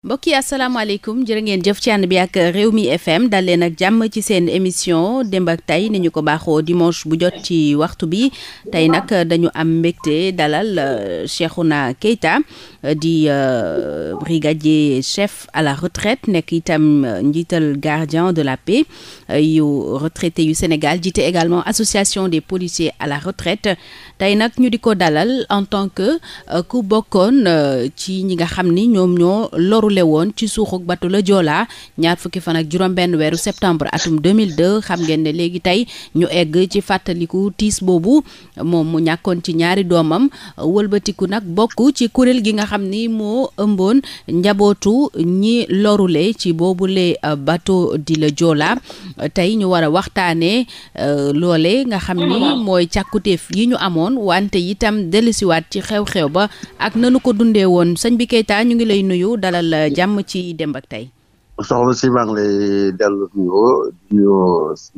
mbokk yi asalaamaaleykum jërë ngeen jëf ci ànd bi ak réew mi FM dal leen ak jàmm ci seen émission démb ak tey ni ko baaxoo dimanche bu jot ci waxtu bi tey nag dañu am mbégte dalal euh, na Keita euh, di euh, brigadier chef à la retraite nekk itam njiital gardien de la paix yu retraité yu Sénégal jiite également association des policiers à la retraite tey nag ñu di ko dalal en tant que euh, ku bokkoon euh, ci ñi nga xam ni ñoom ñoo lorule woon ci suuxuk bato la Joola ñaar fukki fan ak juróom-benn weeru septembre atum 2002 xam ngeen ne léegi tey ñu egg ci fàttaliku tiis boobu moom mu ñàkkoon ci ñaari doomam wëlbatiku nag bokk ci kuréel gi nga xam ni moo ëmboon njabootu ñi lorule ci boobule euh, bato di la Joola tey ñu war a waxtaanee loole nga xam ni mooy càkkutéef yi ñu amoon. wante itam dellusiwaat ci xew-xew ba ak nanu ko dundee woon sëñ bi Keita ñu ngi lay nuyu dalal jàmm ci dem ak Tay soxna si maa ngi lay dellu nuyoo di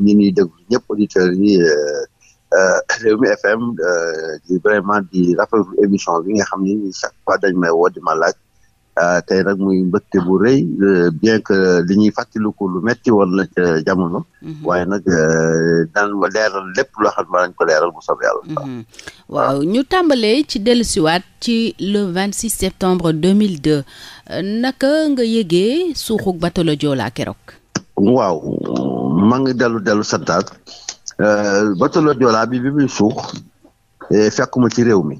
ñi ñuy déglu ñëpp auditeurs yi euh, euh, Rewmi FM euh, di vraiment di rafetlu émission bi nga xam ni chaque fois dañ may woo ma laaj Euh, tey nag muy mbëgte bu rëy euh, bien que li ñuy fàttaliku lu metti woon la ca jamono. Mhm. waaye nag euh, daan leeral lépp loo xam ne dañ ko leeral bu soobee yàlla. Mhm. waaw ñu tàmbalee ci dellusiwaat ci le vingt 26 septembre 2002 naka nga yëgee suuxug bateau le keroog. waaw maa ngi dellu dellu santaat bateau le Joola bi bi muy suux eh, fekk ci réew mi.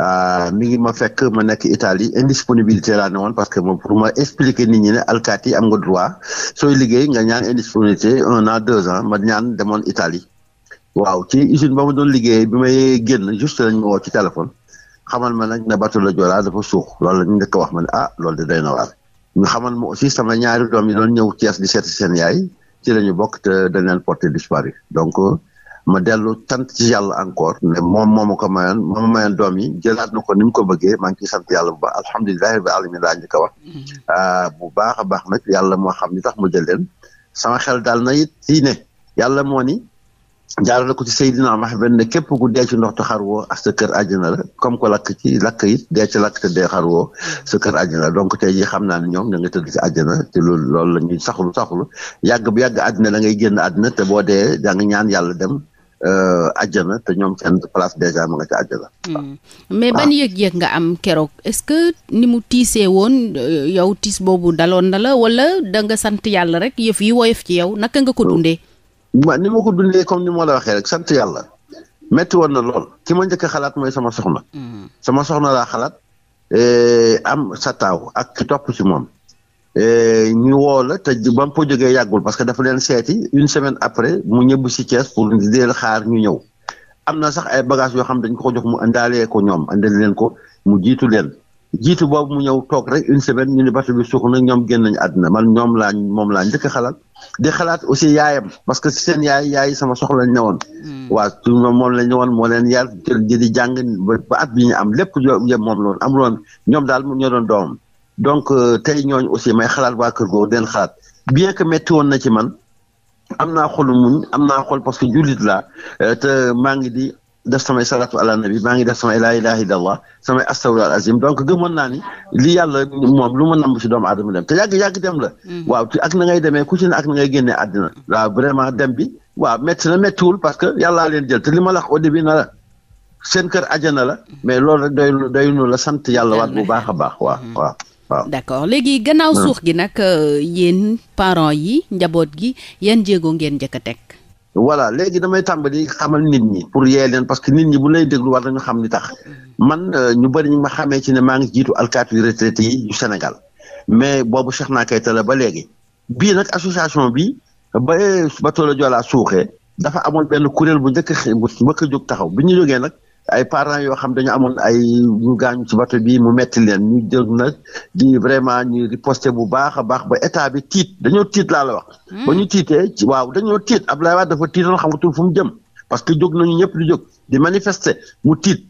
Euh, mi ngi ma fekk ma nekk Italie indisponibilité laa ne woon parce que pour ma expliquer nit ñi ne alkaati am nga droit sooy liggéey nga ñaan indisponibilité un an deux ans ma ñaan demoon Italie waaw ci usine ba ma doon liggéey bi may génn juste lañ ma woo ci téléphone xamal ma nag ne bateau la Joola dafa suux loolu la ñu njëkk wax ma ne ah loolu de doy na waar ñu xamal ma aussi sama ñaari doom yi doon ñëw Thiès di seeti seen yaay ci la ñu bokk te dañ leen porté ma dellu sant ci yàlla encore ne moom moo ko mayoon moo ma mayoon doom yi jëlaat na ko ni mu ko bëggee maa ngi ciy yàlla bu baax alhamdulilah rabbil alamin laa njëkk a wax mm-hmm. ah, bu baax a baax nag yàlla moo xam ni tax mu jël leen sama xel daal na it ci ne yàlla moo ni jaarale ko ci Seydina Muhammad ne képp ku dee ci ndox te xar woo sa kër àjjana la comme que lakk ci lakk it dee ci te dee xar mm-hmm. sa kër àjjana la donc tey jii xam naa ne ñoom ña nga tëdd ci àjjana te loolu loolu la ñuy saxlu saxlu yàgg bu yàgg àddina la ngay génn àddina te boo dee da ñaan yàlla dem Euh, àjjana te ñoom seen place déjà ma nga ca àjjana. Hmm. mais ban ah. yëg-yëg nga am keroog est-ce que ni mu tiisee woon euh, yow tiis boobu daloon na la wala danga sant yàlla rek yëf yi woyof ci yow naka nga ko dundee. ma ni ma ko dundee comme ni ma la waxee rek sant yàlla metti woon na lool ki ma njëkk xalaat mooy sama soxna. Hmm. sama soxna laa xalaat eh, am sa taaw ak ki topp ci moom. Eh, ñu woo la te ba mu ko jógee yàggul parce que dafa leen seeti une semaine après mu ñëbb si Thiès pour deel xaar ñu ñëw am na sax ay bagages yoo xam dañ ko jox mu ndaalee ko ñoom andal leen ko mu jiitu leen jiitu boobu mu ñëw toog rek une semaine ñu ne bato bi suux na ñoom génn nañu àdduna man ñoom laa moom laa njëkk xalaat di xalaat aussi yaayam parce que seen yaay yaay sama soxla ñu ne mm. waa su moom la ñu woon moo leen yar jël di jàng ba at bi ñu am lépp moom la woon amul woon ñoom daal mu doon doomam. donc euh, te ñooñu aussi may xalaat waa kër googu den xalaat bien que métti woon na ci man am naa xolu muñ am naa xol parce que jullit laa euh, te maa ngi di def samay salatu ala nabi maa ngi def samay laa ilaha illa allah samay astawla al azim donc gëmoon naa ni li yàlla moom lu ma namb si doomu aadama dem te yàgg yàgg dem la. Mm-hmm. waaw ak na ngay demee ku ci ne ak na ngay génnee àddina. waaw vraiment dem bi waaw métti na méttiwul parce que yàllaa leen jël te li ma la d au début seen kër ajana la mm-hmm. mais loolu rek doy doy nu la sant yàlla waat bu baax a baax waaw mm-hmm. waaw waaw d'accord léegi gannaaw hmm. suux gi nag euh, yéen parents yi njaboot gi yan jéego ngeen jëkk teg. voilà léegi damay tàmbali xamal nit ñi pour yee leen parce que nit ñi bu lay déglu war nañu xam ni tax hmm. man euh, ñu bëri ñu ma xamee ci ne maa ngi jiitu alkaati yu retraité yi yu Sénégal mais boobu Cheikh naa kay tala ba léegi bii nag association bi ba ba toolu Joola suuxee dafa amoon benn kuréel bu njëkk bu njëkk a jóg taxaw bi ñu jógee nag. ay parents yoo xam dañu amoon ay ñu gaañu ci bi mu metti leen ñu jóg nag di vraiment ñu riposter bu baax a baax ba état bi tiit dañoo tiit laa la wax. Hmm. ba ñu tiitee ci waaw dañoo tiit Abdoulaye Wade dafa tiitoon xamatul fu mu jëm parce que jóg nañu ñëpp di jog di manifester mu tiit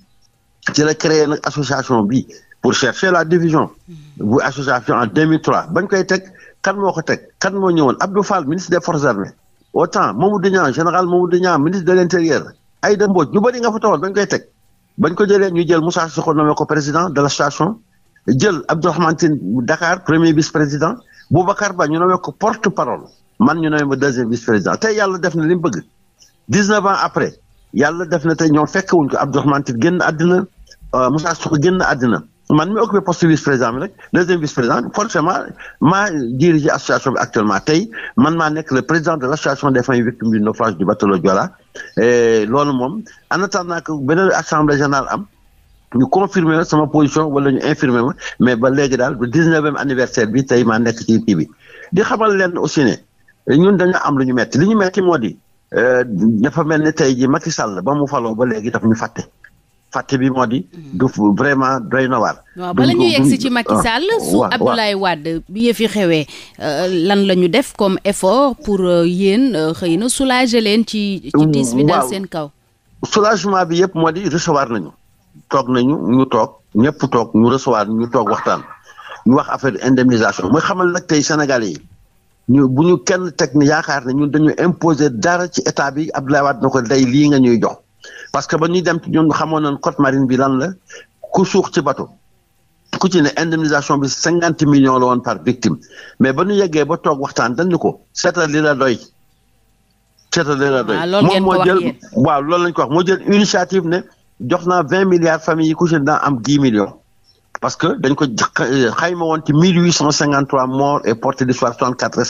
ci la créer nag association bi pour chercher la division. Hmm. bu association en 2003 bañ koy teg kan moo ko teg kan moo ñëwoon Abdou Fall ministre des forces armées autant Mamadou Niang général Mamadou Niang ministre de ay Aïda Mbodj ñu bëri nga fa tawoon bañ koy teg bañ ko jëlee ñu jël Moussa Sokho nommé ko président de l'association jël Abdourahmane Tine Dakar premier vice président Boubacar Ba ñu nommé ko porte parole man ñu nommé ba deuxième vice président tey yàlla def na li mu bëgg dix-neuf ans après yàlla def na tey ñoom fekk wuñ ko Abdourahmane Tine génn àddina euh, Moussa Sokho génn àddina man mi occupé poste vice président bi rek deuxième vice président forcément maa dirige tey man maa nekk le président de Eh, loolu moom en attendant que beneen assemblée générale am ñu confirmer sama position wala ñu infirmer ma mais ba léegi daal ba dix-neuvième anniversaire bi tey maa nekk ci kii bi di xamal leen aussi ne ñun dañu am lu ñu metti li ñu metti moo di eh, dafa mel ni tey ji Macky Sall ba mu faloo ba léegi daf ñu fàtte fàtte bi moo di. du vraiment doy na waar. waaw bala ñu yegg ci Macky ah, Sall. su Abdoulaye Wade bi yëf yi xewee euh, lan la ñu def comme effort pour euh, yéen euh, xëy na soulager leen ci. ci mm, tiis bi seen kaw. soulagement bi yëpp moo di recevoir nañu. toog nañu ñu toog ñëpp toog ñu recevoir ñu toog waxtaan ñu wax affaire indemnisation mooy xamal nag tey Sénégalais yi. ñu bu ñu kenn teg ni yaakaar ne ñun dañu imposer dara ci état bi Abdoulaye Wade na ko day lii nga ñuy jox parce que ba ñuy dem ci ñun xamoon nañ côte marine bi lan la ku suux ci bato ku ci ne indemnisation bi cinquante million la woon par victime mais ba ñu yeggee ba toog waxtaan dañ ni ko seeta li la doy. seetal li la doy ah, moom moo jël waaw loolu lañ ko wax moo jël initiative ne jox naa vingt milliards famille yi ku ci ne am dix million parce que dañ ko euh, xayma woon ci mille huit cent cinquante trois morts et porté d'histoire soixante quatre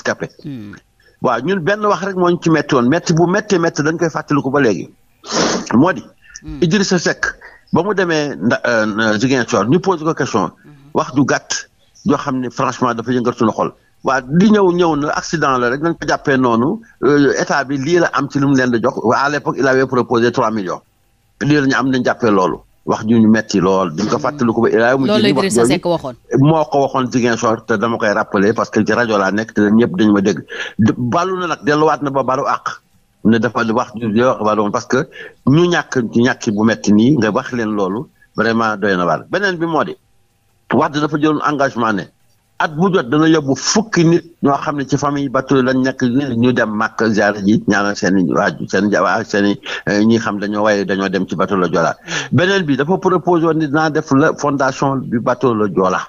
hmm. waaw ñun benn wax rek moo ñu ci métti woon métti bu méttee métti dañ koy fàttaliku ba léegi. moo di. Hmm. sa Seck ba mu demee nda euh, euh, Ziguinchor ñu posé ko question. Hmm. wax ju gàtt joo xam ne franchement dafa yëngal suñu xool waa di ñëw ñëw na accident la rek nañ ko jàppee noonu euh, état bi lii la am ci lu mu leen di jox à l'époque il avait proposé trois millions lii la ñu am nañ jàppee loolu wax ju ñu metti lool. di nga ko hmm. fàttaliku ba Ilaah. loolu la Idrissa Seck waxoon moo ko waxoon Ziguinchor te dama koy rappeler parce que ci rajo laa nekk te ñëpp dañu ma dégg. ballu na delluwaat na ba baru àq. ne dafa wax wàllum parce que ñu ñàkk ñàkk bu metti nii nga wax leen loolu vraiment doy na waar beneen bi moo di wax dafa jëloon engagement ne at bu jot dana yóbbu fukki nit ñoo xam ne ci famille Batory lañ nekk ñu dem màkk ziar ji ñaanal seen i seen jawaa seen i eh, xam dañoo waaye dañoo dem ci Batory la Joola beneen bi dafa proposé woon ni dinaa def la fondation bi Batory la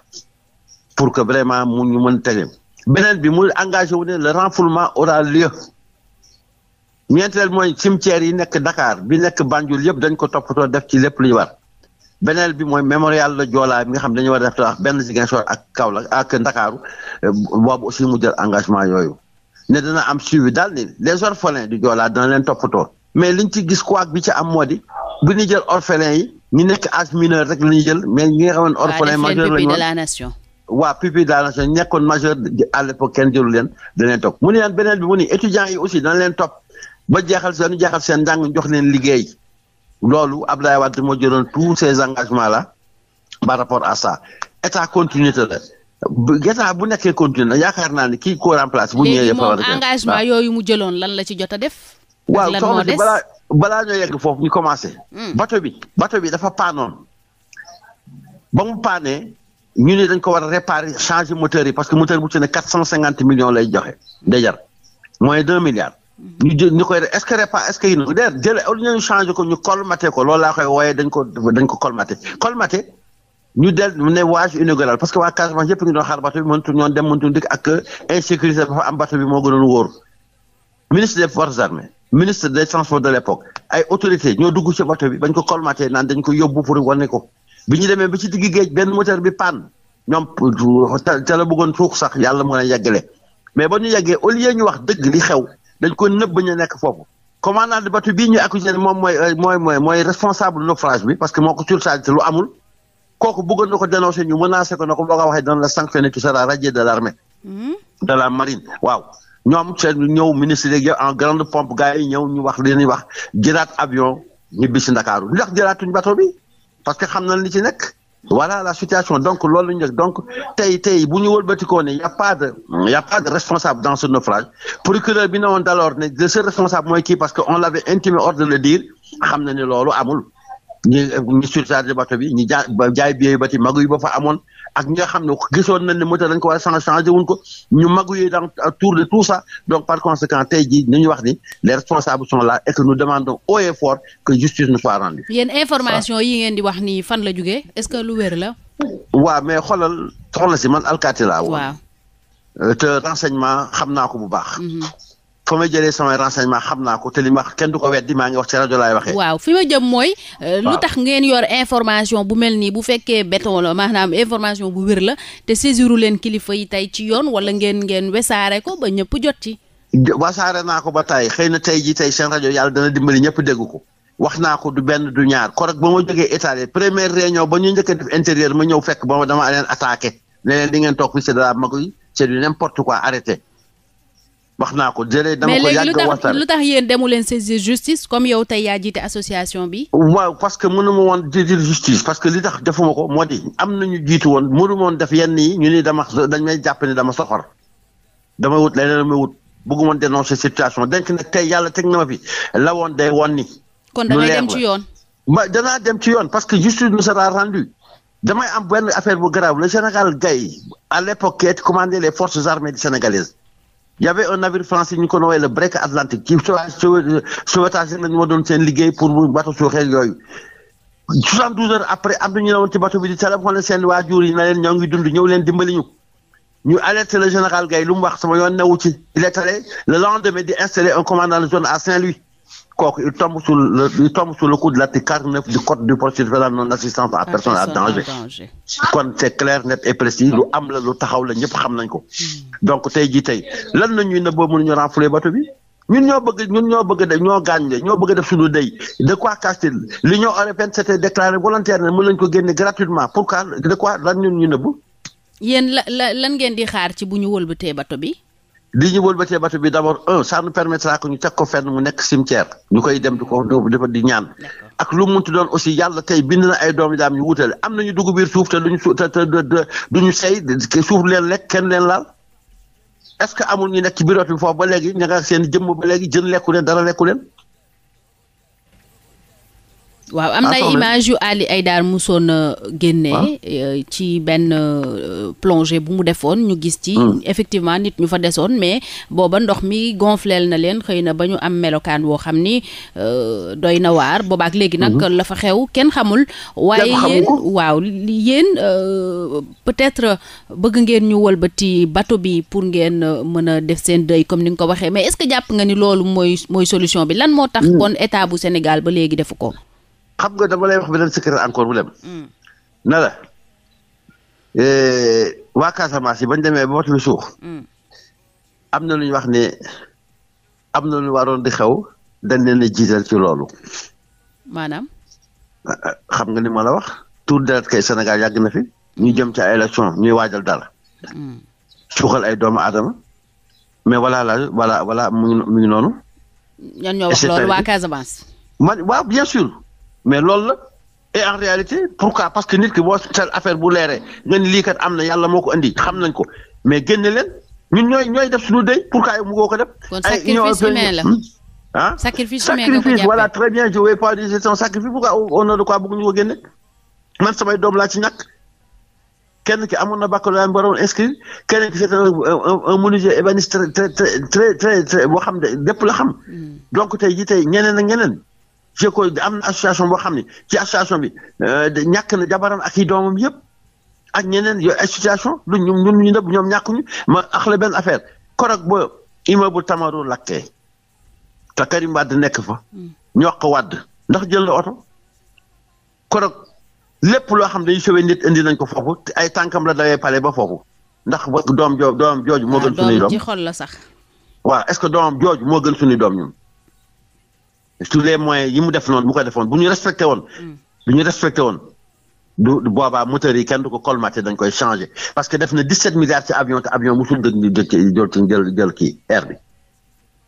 pour que vraiment mu ñu mën tege beneen bi wu ne le renfoulement aura ñeenteel mooy cimetière yi nekk dakaar bi nekk Banjul yëpp dañ ko toppatoo def ci lépp lu ñu war beneen bi mooy mémorial la Joola bi nga xam dañu war a def tax benn Ziguinchor ak eh, boobu aussi mu jël engagement yooyu ne dana am suivi daal ni les orphelins du Joola dana leen toppatoo mais liñ ci gis kuwaak bi ci am moo di bu ñu jël orphelins yi ñu nekk âge mineur rek la ñuy jël mais ñi nga xamoon orphelin majeur lañu woon de nekkoon majeur à l'époque kenn jëlu leen dana leen topp mu ni beneen bi mu ni étudiants yi aussi dana leen topp ba jeexal seen jeexal seen njàng jox leen liggéey loolu Abdoulaye Wade moo jëloon tous ces engagements là par rapport à ça état continuité la état bu nekkee continuité yaakaar naa ni kii ko remplace bu ñëwee moom engagement yooyu mu jëloon lan la ci jot def. waaw soxna si balaa balaa ñoo yegg foofu ñu commencé. Hmm. bato bi bato bi dafa paanoon ba mu paanee ñu ne dañ ko war a réparer changer moteur yi parce que moteur bu ci ne quatre cent cinquante millions lay joxe day jar mooy deux milliards. ñu jël koy est ce que repas est ce que yi nu ko ñu colmaté ko loolu laa koy wooyee dañ ko dañ ko colmaté colmaté ñu del ne voyage inaugural parce que waa Casamance yëpp ngi doon xaar bateau bi mëntu ñoon dem mëntu dikk ak insécurité dafa bi moo gënoon wóor ministre des forces armées ministre des transports de l'époque ay autorité ñoo dugg ci bateau bañ ko colmaté naan dañ ko yóbbu pour wane ko bi ñu demee ci digg géej benn moteur bi panne ñoom te la bëggoon tuux sax yàlla moo leen yàggale mais ba ñu yàggee au lieu ñu wax dëgg li xew dañ ko nëbb ba nekk foofu commandant de bateau bii ñu accusé moom mooy euh, mooy mooy mooy responsable naufrage bi parce que moo ko surchargé te lu amul kooku bëggoon na ko dénoncé ñu menacé ko na ko boo ko waxee dana la sanctionné tu seras radié de l' hmm? de la marine waaw ñoom seen ñëw ministre yeeg en grande pompe gars yi ñu wax li ñuy wax jëlaat avion ñu bis si Ndakaaru lu tax jëlaatuñ bi parce que xam na li ci nekk voilà la situation donc loolu ñu donc tey tey bu ñu wëlbatikoo ne y' a pas de y' a pas de responsable dans ce naufrage procureur bi ne woon d' alors ne le seul responsable mooy kii parce que on l' avait intimé hors de dire xam na ne loolu amul. Euh, ñi surchargé bato bi ñi jaa jaay biyee ba ci magu yi ba fa amoon ak nga xam ne gisoon nañ ne moteur dañ ko war a changé wuñ ko ñu magu yi dans autour de tout ça donc par conséquent tey jii ñu wax ni les responsables sont là et que nous demandons haut et fort que justice nous soit rendue. yéen information yi ngeen di wax nii fan la jógee est-ce que lu la. waaw mais xoolal soxna si man alkaati laa wa waaw euh, te renseignement xam naa ko bu baax. Mhm. fa ma jëlee samay renseignement xam naa ko te li ma wax kenn du ko weddi maa ngi wax ci rajo laay waaw fi ma jëm mooy. Euh, lu tax ngeen yor information bu mel nii bu fekkee béton la maanaam information bu wér la te saisiru leen kilifa yi tey ci yoon wala ngeen ngeen wesaare ko ba ñëpp jot ci. wasaare naa ko ba tey xëy na tey jii tey seen rajo yàlla dana dimbali ñëpp dégg ko. wax naa ko du benn du ñaar korek ba ma jógee Italie première réunion ba ñu njëkk a def intérieur fekk ba ma dama leen attaqué ne wax naa ko jëlee dama ko yàgg waxtaan mais léegi lu tax yéen demu leen saisir justice comme yow tey yaa jiite association bi. waaw parce que mënu ma woon saisir justice parce que li tax defuma ko moo di am na ñu jiitu woon mënu ma woon def yenn yi ñu ni dama dañ may jàpp ne dama soxor dama wut leneen ma wut bëgguma dénoncer situation denk nag tey yàlla teg na ma fi la woon day woon ni. kon da ngay dem ci yoon. ba dem ci yoon parce que justice nous sera rendue damay am benn affaire bu grave le Sénégal gay à l'époque qui commandait les y avait un navire français ñu ko le break Atlantique ci sauvetage lañu moo doon seen liggéey pour mu bato suuxee yooyu soixante douze heures après am na ñu ne woon ci bato bi di téléphoné seen waajur yi na leen ñoo ngi dund ñëw leen dimbali ñu ñu le général Gaye lu mu wax sama yoon newu ci il est allé le lendemain di installer un commandant de zone à Saint-Louis kooku il tombe sous le il tombe sous le coup de l'article 49 du code du procédure pénale non assistance à personne à danger kon c'est clair net et précis lu am la lu taxaw la ñëpp xam nañ ko hmm. donc tey jii tey lan na ñuy ne boo mënuñu renflouer bateau bi ñun ñoo bëgg ñun ñoo bëgg de ñoo gaañle ñoo bëgg def suñu dey de quoi cache-t-il l'Union européenne s'était volontaire ne mën lañ ko génne gratuitement pourquoi de quoi lan ñun ñu nëbb yéen la la lan ngeen di xaar ci bi li ñu wëlbatee bato bi d' abord un ça nous permettra que ñu teg ko mu nekk cimetière ñu koy dem di ko di ñaan ak lu munti doon aussi yàlla tey bind na ay doom yi daam ñu wutale am nañu dugg biir suuf te duñu su te sey suuf leen lekk kenn leen laal est ce que amul ñu nekk ci biir bi foofu ba léegi ña nga seen jëmm ba léegi jën lekku leen dara lekku leen waaw am na image yu Ali Aydar musoon a euh, génne ah. euh, ci benn euh, plongée bu mu defoon ñu gis ci hmm. effectivement nit ñu fa desoon mais booba ndox mi gonfleel na leen xëy na ba ñu am melokaan woo xam ni doy na waar boobaak léegi nag hmm. la fa xew kenn xamul waaye yéen waaw yéen peut-être bëgg ngeen ñu wëlbati bateau bi pour ngeen mën a def seen dëy comme ni nga ko waxee mais est-ce jàpp nga ni loolu mooy mooy solution bi lan moo tax kon hmm. état bu Sénégal ba léegi defu ko xam nga dama lay wax beneen secret encore bu dem. Mm. na la e, waa Casamance yi bañ demee ba wàllu suuf. Mm. am na lu ñu wax ni am na lu waroon di xew dañ leen a jiital ci loolu. maanaam. Ah, ah, xam nga ni ma la wax. tuur deret kay Sénégal yàgg na fi. ñu mm. jëm ci ay élection ñuy waajal dara. suuxal ay doomu aadama. mais wala la wala wala mu ngi mu noonu. ñan ñoo wax loolu waa Casamance. man waaw bien sûr. mais loolu la et en réalité pourquoi parce que nit ki boo tel affaire bu leeree nga ni lii kat am na yàlla moo ko indi xam nañ ko mais génne leen ñun ñooy ñooy def suñu dëy pourquoi mu goo ko def. kon sacrifice humain la hmm? ah sacrifice humain très bien je vais pas dire c'est un sacrifice pourquoi o nom de quoi bëgg ñu ko man samay doom laa ci ñàkk. kenn ki amoon na baccalauréat mu waroon inscrire kenn ki c'est un menuisier ébéniste très très très très boo xam ne lépp la xam hmm. donc tey jii tey ngeneen ak ñeneen. GECO am na association boo xam ne ci association bi euh, ñàkk na jabaram ak i doomam yëpp ak ñeneen yooyu association du ñun ñun ñu ñoom ñàkkuñu ma ax la benn affaire korog ba immeuble Tamaru lakkee te Karim Wade nekk fa. ñoq wàdd ndax jël na oto korog lépp loo xam dañuy sowee nit indi nañ ko foofu ay tànkam la dawee pale ba foofu ndax doom joo doom jooju moo gën suñuy ah, doom. waaw la sax. waaw est-ce que doom jooju moo gën suñuy doom ñun. tous les moyens yi mu def noonu mu ko defoon bu ñu respecté woon. Mm. bu ñu respecté woon du boobaa moteur yi kenn du ko colmaté dañ koy changé parce que def na 17 milliards ci avion te avion musul dëgg ñu jël jël kii air bi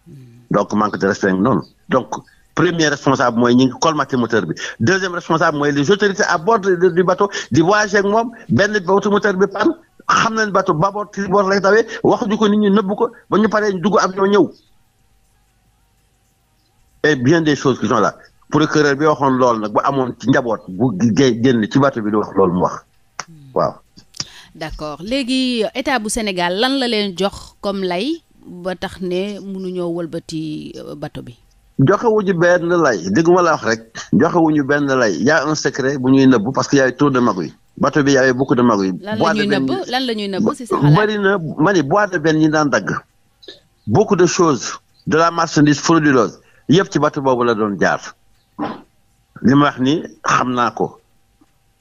mm. donc manque de respect noonu donc premier responsable mooy ñu ngi colmaté moteur bi deuxième responsable mooy les autorités à bord du bateau di voyagé ak moom benn bateau moteur bi pan xam nañ bateau bâbord tribord lay tawee waxuñu ko nit ñi nëbbu ko ba ñu paree dugg avion ñëw. et bien des choses qui sont là procureur bi waxoon lool nag bu amoon ci njaboot bu génn ci bato bi di wax loolu mu wax waaw. d'accord léegi état bu Sénégal lan la leen jox comme lay ba tax ne mënuñoo wëlbati euh, bato bi. joxewuñu benn lay dégg ma la wax rek joxewuñu benn lay y a un secret bu ñuy nëbb parce que y a trop de magouille bato bi y avait beaucoup de magouille. bois de lan la ñuy nëbb ci sa xalaat bari na ma ni bois de benn ñu daan dagg. beaucoup de choses de la marchandise frauduleuse yëpp ci bato boobu la doon jaar li ma wax ni xam naa ko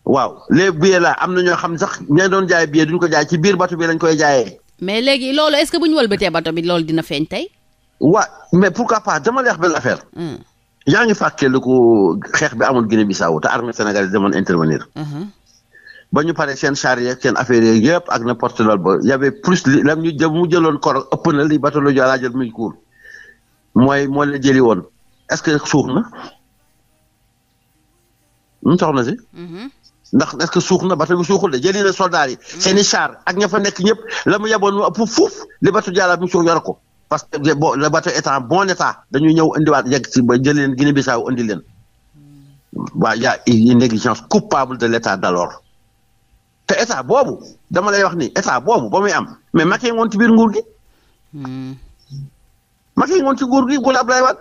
waaw les billets la am na ñoo xam sax ña doon jaay billet duñ ko jaay ci biir batu bi lañ koy jaayee. mais léegi loolu est-ce que bu ñu wëlbatee bato bi loolu dina feeñ tey. waa mais pourquoi pas dama lay wax benn affaire. Hmm. yaa ngi fàttali ko xeex bi amul Guinée Bissau te armée sénégalaise demoon intervenir. Hmm. ba ñu paree seen char yeeg seen affaire yeeg yëpp ak na porte lool ba y' plus li lan ñu jë mu jëloon koro ëpp na li la jël muy mooy moo leen jëli woon est-ce que suux na soxna si. Mm-hmm. ndax est que suux na bato bi suuxul de jëli na soldats yi. Mm-hmm. seen i ak ña fa nekk ñëpp la mu yeboon mu ëpp fuuf li bato Diala bi suux yor ko parce que bon le bato étant bon état dañuy ñëw indiwaat yegg si ba jëli leen Guinée-Bissau indi leen. waaw y a une négligence coupable de l'état d'alors te état boobu dama lay wax ni état boobu ba muy am mais Macky ngoon ci biir nguur gi. Mm-hmm. Macky moom ci nguur gi góor Abdoulaye Wade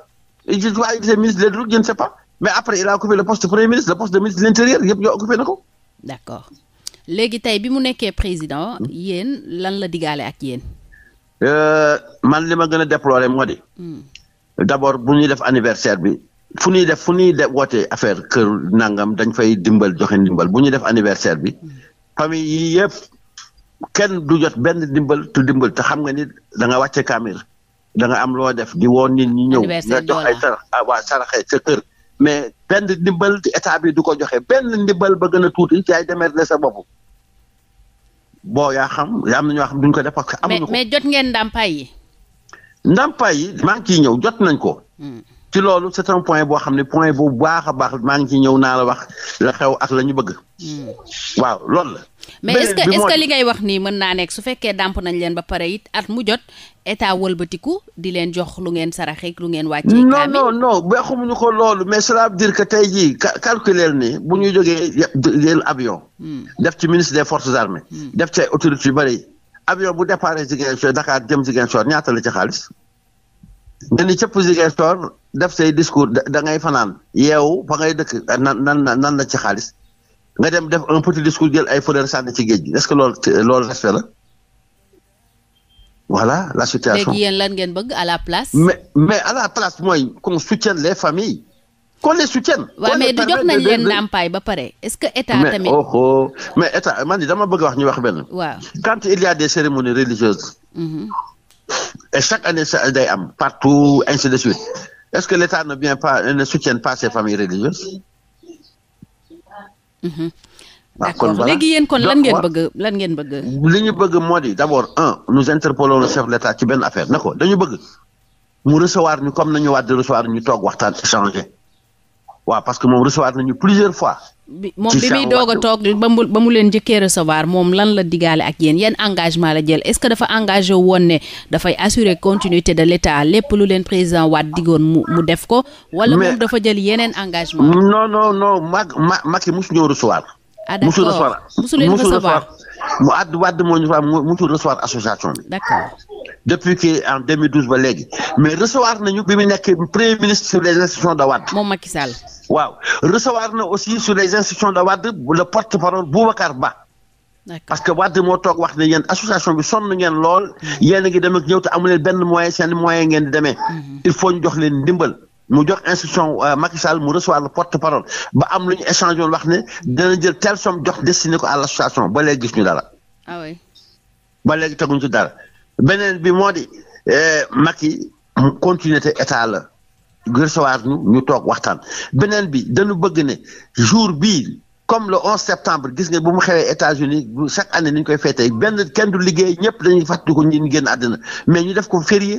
je dois il était ministre des trucs je ne sais pas mais après il a occupé le poste de premier ministre le poste de ministre de l'intérieur yëpp ñoo occupé na ko. d'accord léegi tey bi mu nekkee président yéen lan la digaale ak yéen. Euh, man li ma gën a déplorer moo di. Hmm. d'abord bu ñuy def anniversaire bi fu ñuy def fu ñuy def wootee affaire kër nangam dañ fay dimbal joxe dimbal bu ñuy def anniversaire bi hmm. famille yi yëpp kenn du jot benn dimbal tu dimbal te xam nga da nga wàcce kaamir da am loo def di woo nit ñi ñëw nga jox ay sarax ah, waa saraxe sa kër mais benn ndimbal état bi du ko joxe benn ndimbal ba gën a tuuti ci ay démerde sa bopp yaa xam yaa am na ñoo xam duñ ko def parce que amuñu ko mais jot ngeen ndàmpaay yi ndàmpaay yi maa ngi ki ñëw jot nañ ko hmm. ci loolu c'est point boo xam ne point bu baax a baax maa ngi ci ñëw naa la wax la xew ak la ñu bëgg. Hmm. waaw loolu la. mais est-ce li ngay wax nii mën naa nekk su fekkee dàmp nañ leen ba pare it at mu jot état wëlbatiku di leen jox lu ngeen saraxeeg lu ngeen no non non non waxumuñu ko loolu mais cela veut dire que tey jii calculer ni bu ñuy jógee jël avion. Hmm. def ci ministre des forces armées. Hmm. def ci ay autorités yu bëri avion bu départ Ziguinchor Dakar jëm Ziguinchor ñaata la ci xaalis. nga ni cëpp Ziguinchor def say discours da ngay fanaan yeewu fa ngay dëkk nan nan nan la ci xaalis nga dem def un petit discours jël ay fleurs sànni ci géej gi que loolu loolu respect la voilà la situation léegi yéen lan ngeen bëgg à la place. me mais à la place mooy qu'on soutienne les familles. qu'on les soutienne. waaw mais du jox nañ leen ndàmpaay ba pare est-ce que état tamit. mais oh oh état man dama bëgg wax ñuy wax benn. waaw quand il y a des cérémonies religieuses. Mhm. et chaque année ça day am partout ainsi de suite est-ce que l'État ne vient pas ne soutient pas ces familles religieuses. Mm -hmm. d'accord léegi kon lan ngeen bëgg lan ngeen bëgg. li ñu bëgg moo di d'abord un nous interpellons le chef de l'État ci benn affaire na ko dañu bëgg mu recevoir ñu comme nañu war di recevoir ñu toog waxtaan échanger. waaw parce que moom recevoir nañu plusieurs fois. bi moom bi muy a toog ba mu ba leen njëkkee recevoir moom lan la digaale ak yéen yan engagement la jël est-ce que dafa engagé woon ne dafay assurer continuité de l'État lépp lu leen président Wade digoon mu mu def ko. wala moom dafa jël yeneen engagement. non non non Mag Macky mag ñoo recevoir. ah d'accord musu recevoir musu leen recevoir. mu àdd wàdd moo ñu fa mu ci recevoir association bi. depuis que en 2012 ba léegi mais recevoir nañu bi mu nekk premier ministre sur les institutions de Wade. moom Macky Sall. waaw recevoir na aussi sur les institutions de Wade le porte-parole Boubacar Ba. parce que Wade moo toog wax ne yéen association bi sonn ngeen lool yéen a ngi dem ak ñëw te amu leen benn moyen seen moyen ngeen di demee. Mhm. il faut ñu jox leen ndimbal. mu jox instruction euh, Macky Sall mu recevoir le porte parole ba am lu ñu échange woon wax ne dana jël telle somme jox destiné ko à l' association ba léegi gis ñu dala ah ba léegi teguñu ci dara beneen bi moo di euh, Macky mu continuité état la recevoir ñu ñu toog waxtaan beneen bi dañu bëgg ne jour bii. comme le 11 septembre gis nga bu mu xewee États-Unis chaque année nañ koy féetee benn kenn du liggéey ñëpp dañuy fàttali ko ñu génn àddina mais ñu def ko férié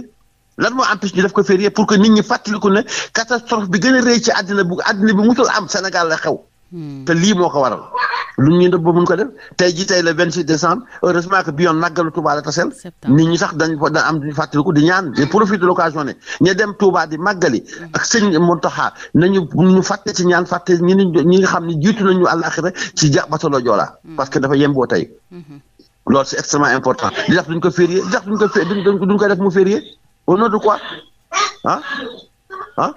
lan moo empêche ñu def ko férié pour que nit ñi fàttaliku ne catastrophe bi gën a rëy ci àddina bu àddina bi am Sénégal la xew. Hmm. te lii moo ko waral. lu ñu def ba mun ko def tey jii tey le vingt six décembre heureusement que bi yoon màggalu Touba la tasel. nit ñi sax dañ da de l'occasion ne ñu dem Touba di màggali. Hmm. ak sëñ Mountakha ci ñaan fàtte ñi ñi nga xam ne jiitu nañu àllaaxira ci ja batalo Joola. Hmm. parce que dafa yemboo tey. loolu c'est extrêmement important di tax duñ ko férié di tax duñ ko duñ ko def mu férié. au nom de quoi ah ah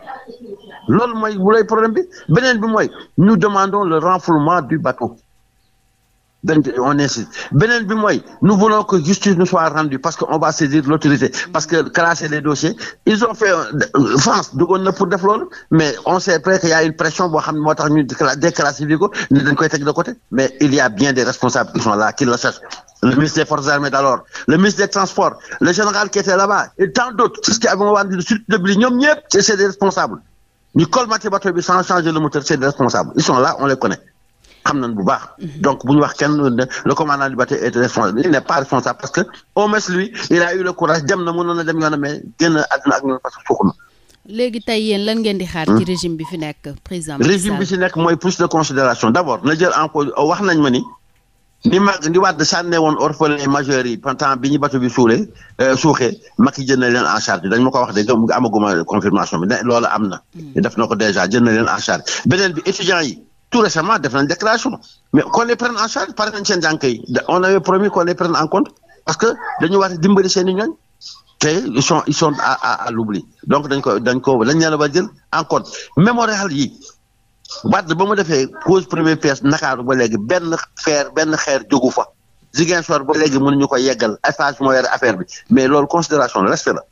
loolu mooy bu lay problème bi beneen bi mooy nous demandons le renflouement du bateau on insiste beneen bi mooy nous voulons que justice nous soit rendue parce que on va saisir l'autorité parce que classer les dossiers ils ont fait euh, France duggoon na pour def loolu mais on sait après qu'il y a une pression boo xam ne moo tax ñu déclassifié ko ne dañ koy de côté mais il y a bien des responsables qui sont là qui le cherchent le ministre des Forces armées d'alors le ministre des Transports le général qui était et tant d'autres tout ce qui avait vendu le de Bili ñoom ñëpp c'est des responsables ñu colmaté bateau bi sans changer le moteur c'est des responsables ils sont là on les connaît xam nañ bu baax mhm. donc bu ñu wax kenn le commandant du bateau est responsable il n'est pas responsable parce que au moins lui il a eu le courage dem na mënoon a dem yoon di xaar ci hmm. régime bi fi nekk mooy plus de considération d'abord ni mag ni wàdd sànne woon orphelin majeur yi pendant bi ñu bato bi suulee euh, suuxee Macky jël na leen en charge dañ ma ko wax de amaguma confirmation bi loolu am na. Mm. def na déjà jël na leen en charge beneen bi étudiants yi tout récemment def nañ déclaration mais qu'on les en charge par nañ seen jànk yi on avait promis qu'on les en compte parce que dañu war a dimbali seen i ñoñ te ils sont ils sont à à donc dañ ko dañ ko dañ leen war a jël en compte mémorial Wade ba mu defee cause première pièce Ndakaaru ba léegi benn feer benn xeer jógu fa Ziguinchor ba léegi mënuñu ko yeggal Eiffage moo affaire bi mais loolu considération respect la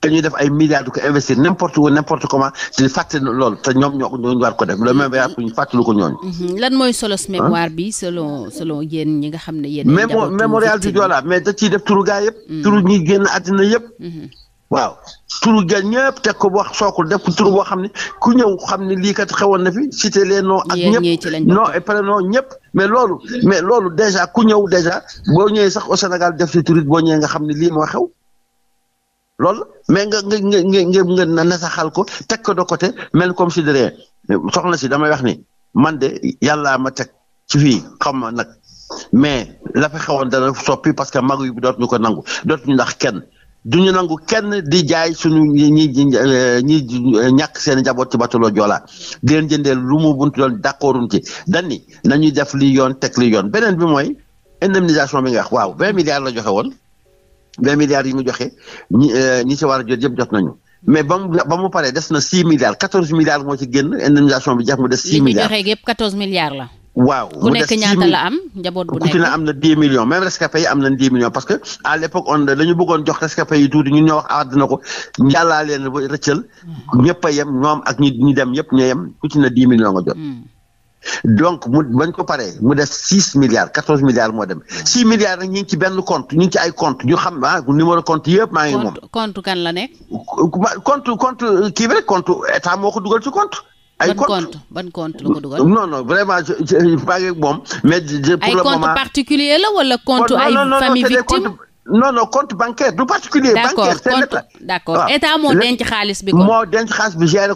te ñuy def ay milliards du ko investir n'importe où n'importe comment ci fàtte loolu te ñoom war ko def le mm-hmm. mémoire xam ne yéen. mémorial du Joola mais da ciy def turu gaa yëpp. Mm-hmm. turu ñi génn àddina yëpp. Mm-hmm. waaw turu ga ñëpp tek ko bo sookul def boo xam ne ku ñëw xam ne lii kat xewoon na fi cité les noms ak ñëpp non et pare non ñëpp mais loolu mais loolu déjà ku ñëw déjà boo ñëwee sax au Sénégal def ci turit boo ñëwee nga xam ne lii moo xew loolu mais nga nga nga nga nga na nasaxal ko teg ko de côté mel comme si de rien soxna si damay wax ni man de yàllaa ma teg ci fii xam ma nag mais la fa xewoon dana soppi parce que mag yi dootuñu ko nangu dootuñu ndax kenn du duñu nangu kenn di jaay suñu ñi ñi ñi ñàkk seen njaboot ci batuloo Joola di leen jëndee lu mu buntu doon d'accorduñ ci danni nañu def li yoon teg li yoon beneen bi mooy indemnisation bi nga wax waaw vingt milliards la joxe woon vingt milliards yi mu joxe ñi euh, ñi si war a jot yëpp jot nañu mais ba mu ba mu paree des na six milliards quatorze milliards moo ci génn indemnisation bi jeex mu des six milliards li mu milliards la waaw mu nekk ñaata la am njaboot bu nekk ku na am na dix millions même rescapés yi am na dix million parce que à l'époque on dañu bëggoon jox rescapés yi tuuti ñun ñoo wax àddina ko njàllaa leen ba rëccal hmm. yem ñoom ak ñi ñi dem ñëpp ñoo yem ku na dix millions nga jot hmm. donc mu bañ ko paree mu des six milliards quatorze milliards moo dem hmm. six milliards nag ñu ci benn compte ñu ngi ci ay compte ñu xam ah numéro compte yëpp maa ngi moom compte kan la nekk compte kii bi rek compte moo ko dugal ci compte ay compte ban compte la ko dugal. non non vraiment je je pareeg moom mais je pour ay compte particulier la wala compte ay famille victime non non compte bancaire du particulier. bancaire d'accord état moo denc xaalis bi. moo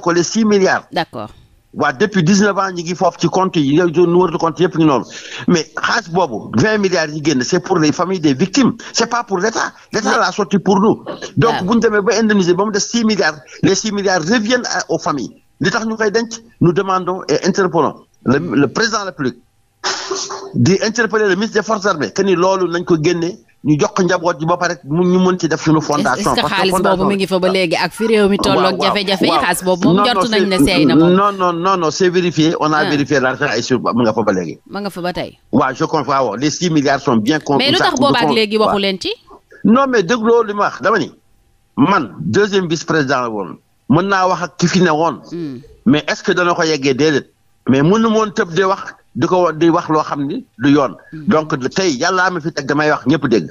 ko les six milliards. d'accord waaw depuis dix neuf ans ñu ngi foofu ci compte yi yow numéro de compte yëpp ngi noonu mais xaalis boobu vingt milliards yi génn c'est pour les familles des victimes c'est pas pour l'État l'État l'a sorti pour nous. donc bu li tax ñu koy denc nous demandons et interpellons le le président de la République di interpeller le ministre des forces armées que ni loolu nañ ko génne ñu jox ko njaboot ji ba pare mu ñu mën ci def suñu fondation. parce que xaalis boobu mi ngi fa ba léegi ak fi réew mi tolloog na moom non non non non a ah. vérifié l'argent ay sur mu nga ba léegi. ma nga fa ba tey. waaw je comprends waaw les six milliards sont bien. con mais lu tax boobaak léegi waxu leen ci. non mais dégloo li ma man deuxième vice président woon. mën naa wax ak ki fi ne woon. Hmm. mais est-ce que dana ko yeggee déedéet mais mënu moon tëb di wax di ko di wax loo xam ni du yoon. Hmm. donc tey yàllaa ma fi teg damay wax ñëpp dégg.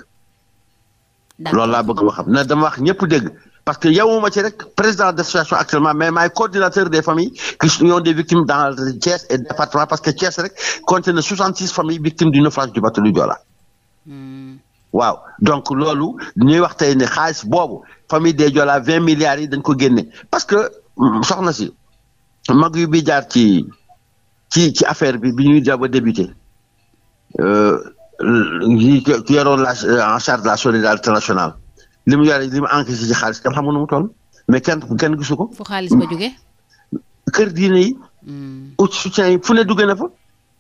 loolu laa bëgg ma xam ne dama wax ñëpp dégg parce que yemuma ci rek président d'association actuellement mais maay coordinateur des familles qui ont des victimes dans Thiès et département parce que Thiès rek compte na 66 familles victimes du naufrage du bateau du waaw donc loolu ñuy wax tey ne xaalis boobu famille des jola vingt milliards yi dañ ko génne parce que mm, soxna si mag yu bi jaar ci ci ci affaire bi bi ñuy jaba débuté yi euh, ki yoroon la en charge de la solidarité nationale li mu yore li mu encaissé ci xaalis kenn xamul nu mu toll mais kenn kenn gisu ko. fu xaalis ba jógee. kër diine yi. Hmm. soutien yi fu ne duggee na fa.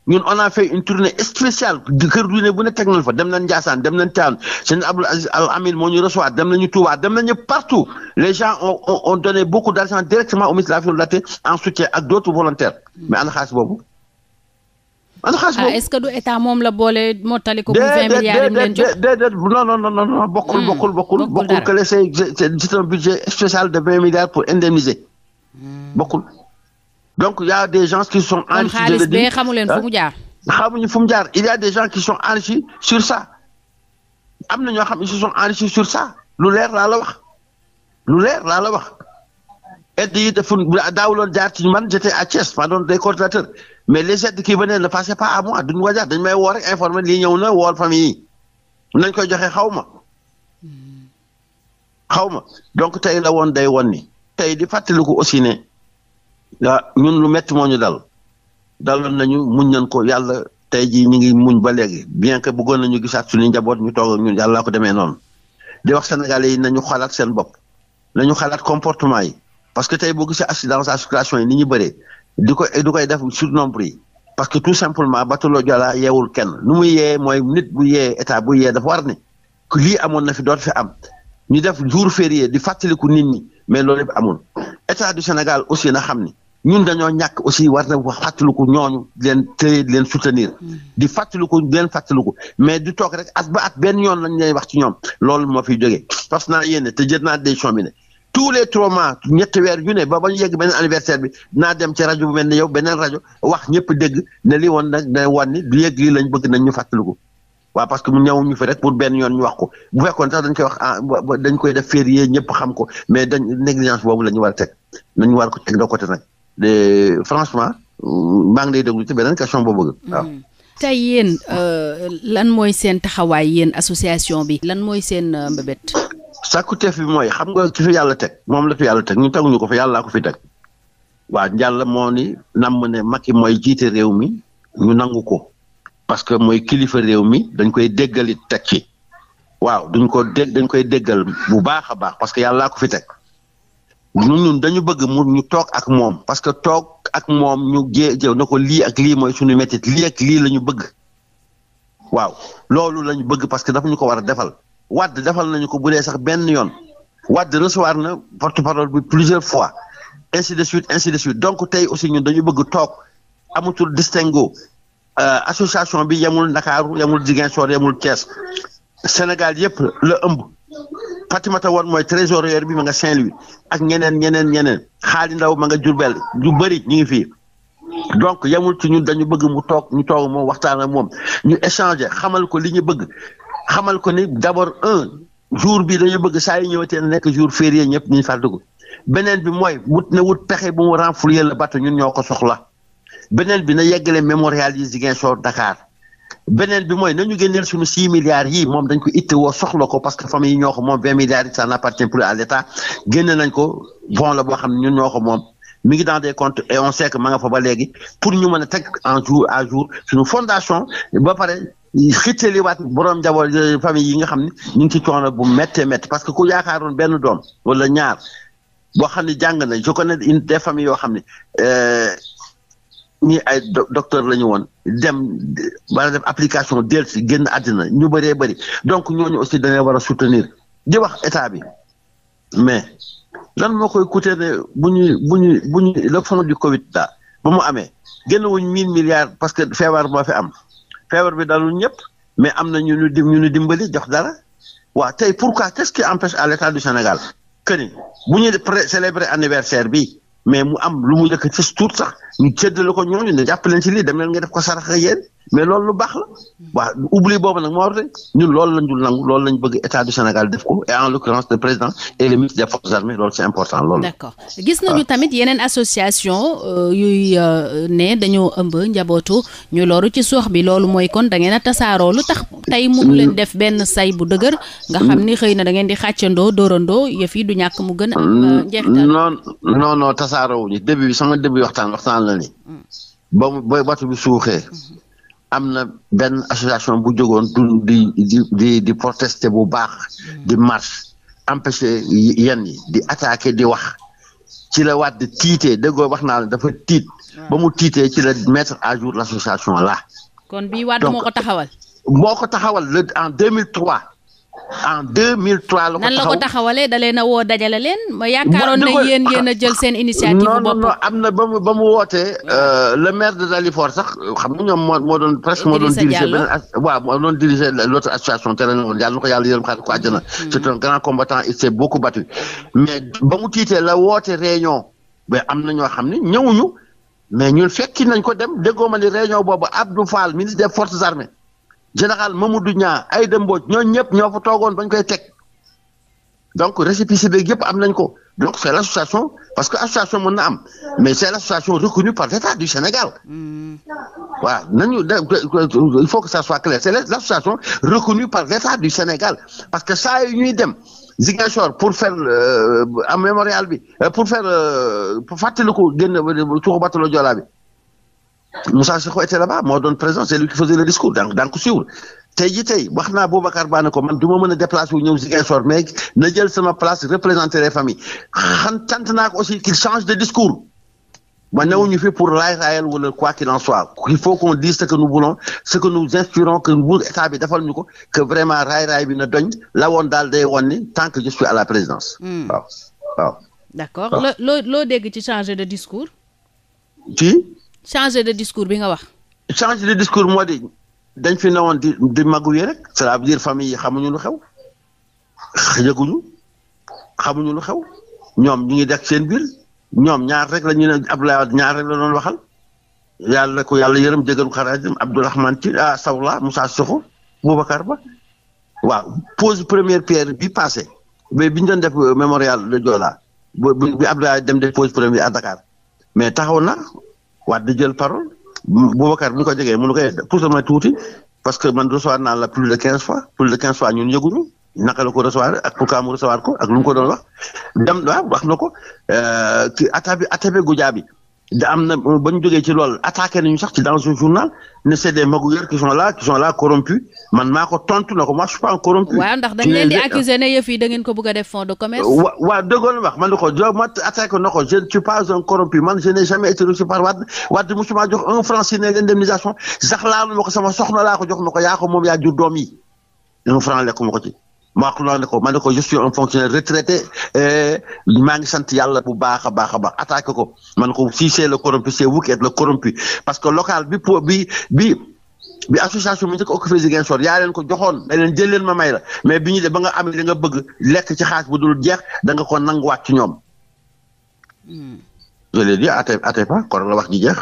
ñun on a fait une tournée spéciale kër diine bu ne teg fa dem nañ Ndiassane dem nañ Thiam seen Abdoul Aziz Al Amin moo ñu recevoir dem nañu Touba dem nañu partout les gens on ont, ont donné beaucoup d' argent directement au ministre de la Fédéralité en soutien ak d' volontaires mais ana xaalis boobu. ana xaalis ah, boobu ah est-ce que du état moom la boole moo tali ko. vingt milliards yi mu leen bokkul bokkul bokkul. bokkul dara bokkul que c'est un budget spécial milliards pour indemniser hmm. bokkul. donc y a des gens qui sont enrichis de xamu leen fu mu jaar. xamuñu fu mu jaar il des gens qui sont enrichis sur ça am na ñoo xam ne ils se sur ça lu leer laa la wax lu leer laa la wax aides yi dafa daawuloon jaar ci man j'étais à Thiès pardon des coordinateurs mais les aides qui venaient ne passaient pas à moi duñu ko jaar dañu may woor rek informé lii ñëw na wool famille yi nañ koy joxe xaw ma hmm. xaw ma donc tey la woon day woon ni tey di fàttaliku aussi ne. ah ñun lu métti moo ñu dal daloon nañu muñ nañ ko yàlla tey jii ñu ngi muñ ba léegi bien que na ñu gisaat suñu njaboot ñu toog ak ñun yàlla ko demee noonu di wax sénégalais yi nañu xalaat seen bopp nañu xalaat comportement yi parce que tey boo gisee accident a circulation yi ni ñu bëree di ko di koy def surnombre yi parce que tout simplement batuloo Joola yeewul kenn nu muy yee mooy nit bu yee état bu yee dafa war ne lii amoon na fi doot fi am ñu def jour férié di fàttaliku nit ñi mais loolu yëpp amul état du Sénégal aussi na xam ni ñun dañoo ñàkk aussi war na wax fàttaliku ñooñu di leen téye di leen soutenir mm. di fàttaliku di leen fàttaliku mais du toog rek at ba at benn yoon lañ lay wax ci ñoom loolu moo fiy jógee parce que na yéene te jël naa décision bi ne tous les trois ñetti weer yu ne ba ba ñu yegg beneen bi naa dem ci rajo bu mel ne yow beneen rajo wax ñëpp dégg ne li woon nag day wan ni du yegg lañ bëgg nañ ñu fàttaliku waaw parce que mu ñëw ñu fi rek pour benn yoon ñu wax ko bu fekkoon sax dañ koy wax ah, dañ koy def férié ñëpp xam ko mais dañ négligence boobu la ñu war a teg nañu war ko teg de côté nag de euh, franchement maa ngi lay déglu ci beneen question boo bëgg waaw. tey yéen euh, lan mooy seen taxawaay yéen association bi. lan mooy seen euh, mbébét. sàkkuteef bi mooy xam nga ki fi yàlla teg moom la fi yàlla teg ñu teguñu ko fi yàlla ko fi teg waaw yàlla moo ni namm ne Macky mooy jiite réew mi ñu nangu ko parce que mooy kilifa réew mi dañ koy déggalit teg ci waaw duñ ko dég dañ koy déggal bu baax a baax parce que yàlla ko fi teg. ñun dañu bëgg mu ñu toog ak moom parce que toog ak moom ñu jéew na ko lii ak lii mooy suñu métit lii ak lii la ñu bëgg waaw loolu la bëgg parce que dafa ñu ko war a defal Wade defal nañu ko bu sax benn yoon Wade recevoir na porte-parole bi plusieurs fois ainsi de suite ainsi de suite donc tey aussi ñun dañu bëgg toog amatul distinguo euh, association bi yemul Ndakaaru yemul Ziguinchor yemul Thiès Sénégal yëpp la ëmb Fatimata Wan mooy trésorier bi ma nga Saint-Louis ak ñeneen ñeneen ñeneen xaali ndaw ma nga Jurbel ñu bëri ñu ngi fii donc yamul ci ñun dañu bëgg mu toog ñu toog moom waxtaan ak moom ñu échanger xamal ko li ñu bëgg xamal ko ni d'abord un jour bi dañu bëgg saa yu teen nekk jour férié ñëpp ñu fàttaliku beneen bi mooy wut na wut pexe bu mu renflouer la bat ñun ñoo ko soxla beneen bi na yeggale mémorial yi Ziguinchor Dakar. beneen bi mooy nañu génneel suñu six milliards yi moom dañ ko ittewoo soxla ko parce que famille yi ñoo ko moom vingt milliards yi ça n'appartient génne nañ ko bon la boo xam ne ñun ñoo ko moom mi ngi dans des comptes et on sait que nga fa ba léegi pour ñu mën a teg en jour à jour suñu fondation ba pare xittaliwaat borom njaboot euh, famille yi nga xam ne ñu ngi ci coono bu méttee métti parce que ku yaakaaroon benn doom wala ñaar boo xam ne jàng na je connais une des familles yoo xam ne euh, ñii ay docteur la ñu woon dem wala dem application del si génn àddina ñu bëree bëri donc ñooñu aussi dañuy war a soutenir di wax état bi mais lan moo koy coûter ne bu ñuy bu ñuy bu ñu le fond du Covid da ba mu amee génn wuñ mille milliards parce que feebar moo fi am feebar bi dalul ñëpp mais am na ñu ñu dim dimbali jox dara waa tey pourquoi qu'est-ce qui empêche à l'état du Sénégal que ni bu ñu anniversaire bi mais mu am lu mu njëkk ci tuut sax ñu séddale ko ñooñu ne jàpp leen ci lii dem leen nga def ko sarax ak yéen mais loolu lu baax la waa oubli boobu nag moo warte ñun loolu lañ dul nangu loolu lañ bëgg état du Sénégal def ko et en le président et le ministre des forces armées loolu c'est important loolu d'accord gis nañu tamit yeneen association euh, yuy euh, ne dañoo ëmb njabootu ñu loru ci suux bi loolu mooy kon da ngeen a tasaaroo lu tax tey mënu leen def benn say bu dëgër nga xam ni xëy na da ngeen di xàccandoo dóorandoo yëf yi du ñàkk mu gën a euh, njeexital non non non tasaaroo wuñu début bi sama début waxtaan la ni mm. ba mu bi suuxee mm-hmm. am na benn association bu jógoon di di di di protester bu baax hmm. di marche empêcher yenn yi di attaquer di wax ci la di tiitee déggoo wax naa la dafa tiit hmm. ba mu tiitee ci la mettre à jour l' association là. kon moo ko taxawal. moo ko taxawal le en 2003. en 2003 la ko taxaw nan la da leen a woo dajale leen. ma yaakaaroon ne yéen ah, jël seen initiative. boppam na ba mu ba mu wootee. Euh, le maire de Dalifort sax xam nga ñoom moo moo doon presque moo doon. diriger benn as l' autre association terrain woon yàlla na ko yàlla yërëm xaar ko àjjana. Mm-hmm. c' grand combattant il s' est beaucoup battu. mais ba mu tiitee la woote réunion. mais am na ñoo xam ni ñëwuñu mais ñun fekki nañ ko dem déggoo ma ni réunion boobu Abdou Fall ministre des forces armées. général Mamadou Niang Aïda Mbodj ñooñ ñëpp ñoo fa toogoon bañ koy teg donc récépissé bi yëpp am nañ ko donc c' est l' association parce que association mën na am mais c' est l' association reconnue par l' état du Sénégal waaw hmm. nañu il faut que ça soit clair c' est l' association reconnue par l' état du Sénégal parce que saa ñuy dem Ziguinchor pour faire am euh, mémorial bi euh, pour faire euh, pour fàttaliku génn tuuxu battalo Joola bi Moussa Sakho était là-bas moo doon président c'est lui qui faisait le discours donc donc suivre tey ji tey wax naa Boubacar Ba ko man du ma mën a déplacer wu ñëw Ziguinchor mais na jël sama place représenter les familles xam tant naa ko qu'il change de discours ma newuñu fi pour raay raayal wala quoi qu'il en soit il faut qu'on dise ce que nous voulons ce que nous inspirons que bu état bi defal ñu ko que vraiment raay raay bi na doñ la woon daal day changer de discours bi nga wax. changer de discours moo di dañ fi newoon di di màggu yi rek cela veut dire famille yi xamuñu lu xew yëguñu xamuñu lu xew ñoom ñu ngi dekk seen biir ñoom ñaar rek la ñu ne Abdoulaye Wade ñaar rek la doon waxal yàlla ko yàlla yërëm jégalu xaraajam Abdourahmane Tine ah Sawla Moussa Sokho Boubacar Ba waaw pose première pierre bi passé mais bi ñu doon def euh, mémorial de Joola bi Abdoulaye dem de pose première à Dakar mais taxaw waat di jël parole Boubacar bu ñu ko jegee mënu koy eh, pour ma tuuti parce que man recevoir naa la plus de quinze fois plus de quinze fois ñun yëguñu naka la ko recevoir ak pourquoi mu recevoir ko ak lu mu ko doon wax dem waaw wax ko ki euh, attaque bi attaque bi da am na ba ñu jógee ci loolu attaqué nañu sax ci dans un journal ne c'est des magouilleurs qui sont là qui man maa ko tontu na ko pas un corrompu. waaw ndax dañ leen di accusé ne yëf yi ko bëgg a def fond de commerce. wa de ko jo ma attaqué na ko je ne suis pas un corrompu man je n'ai jamais été reçu par Wade Wade musuma jox un franc si ne indemnisation sax laalu ma sama soxna laa ko jox na ko yaa moom yaa jur doom yi un franc lekk ma wax ne ko ma ne ko je suis un fonctionnaire retraité eh, maa ngi sant yàlla bu baax a baax a baax attaqué ko ma ne ko si c'est le corrompu c'est vous qui parce que local bi bi bi bi association bi ñu ko occupé Ziguinchor yaa leen ko joxoon da leen jël ma may la mais bi ñu de ba nga amee da nga bëgg lekk ci xaalis bu dul jeex da nga ko nanguwaat ci ñoom. Hmm. je l'ai dit la wax ji jeex.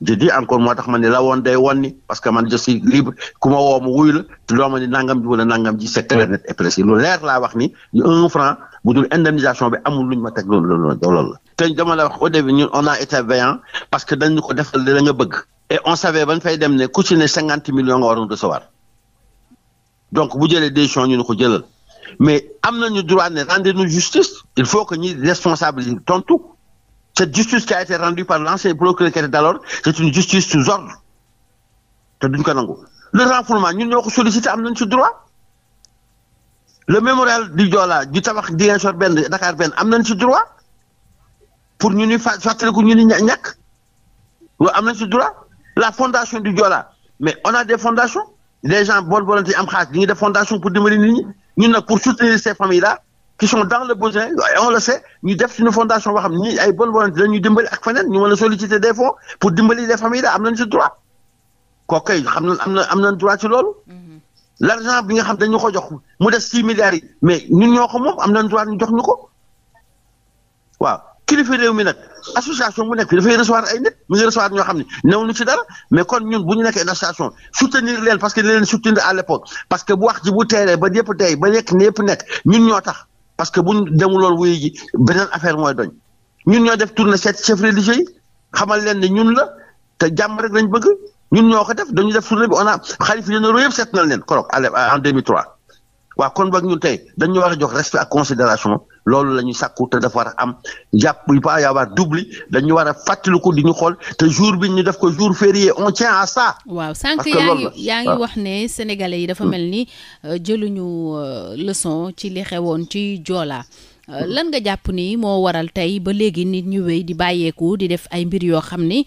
je dis encore moo tax ma la woon wonni parce que man je suis libre ku ma woo ma wuyu la te doo nangam ji wala nangam ji c'est net et lu leer laa wax un franc bu indemnisation bi amul lu ma teg loolu loolu loolu la. te dama wax au début ñun on a été vaillant parce que dañu ko defal li la nga bëgg. et on savait ban fay dem ne ku ne cinquante millions nga waroon recevoir donc bu jëlee décision ñu ne ko jëlal mais am nañu droit ne rendre nous justice il faut que ñi responsable yi Cette justice qui a été rendue par l'ancien procureur qui était d'alors, c'est une justice sous te duñ ko nangu le renflouement ñun ñoo ko sollicité am nañ ci droit le mémorial du Joola du tabax Ziguinchor benn Dakar benn am nañ ci droit pour ñu ni fa fàttaliku ñu ni ñàkk loolu am nañ ci droit la fondation du Joola mais on a des fondations les gens bonne volonté am xaalis ñu ngi def fondation pour dimbali nit ñi ñun nag pour soutenir ces familles là qui sont dans le besoin ñu def suñu fondation boo xam ni ay bonne volonté la dimbali ak feneen ñu mën a solliciter des pour dimbali les familles da am nañ ci droit kooku xam na am na am nañ droit ci loolu mm-hmm. l' bi nga xam dañu ko jox mu des six milliards yi mais ñu ñoo ko moom am nañ droit ñu jox ñu ko waaw kilifa réew mi nag association bu nekk dafay recevoir ay nit mu ngi recevoir ñoo xam ne newuñu ci dara mais kon ñun bu ñu nekk une association soutenir leen parce que leen soutenir à l' époque parce que bu wax ji bu teeree ba yëpp ñoo tax parce que bu ñu demuloon wuyu ji affaire mooy doñ ñun ñoo def tournée seet chef religieux yi xamal leen ne ñun la te jàmm rek lañ bëgg ñun ñoo ko def dañu def tournée bi on a xalifa généraux yëpp seet nañ leen korok en 2003 waaw kon boog ñun tey dañu war a jox respect ak considération loolu la ñu sàkku te dafa war a am jàpp yu pas y avoir doubli dañu war a fàttaliku di ñu xool te jour bi ñu def ko jour férié on tient à ça. waaw sànq yaa ngi yaa ah. wax ne sénégalais yi dafa hmm. mel ni euh, jëluñu euh, leçon ci lexewoon ci Joola. Euh, lan nga jàpp ni moo waral tey ba léegi nit ñu wéy di bàyyeeku di def ay mbir yoo xam ni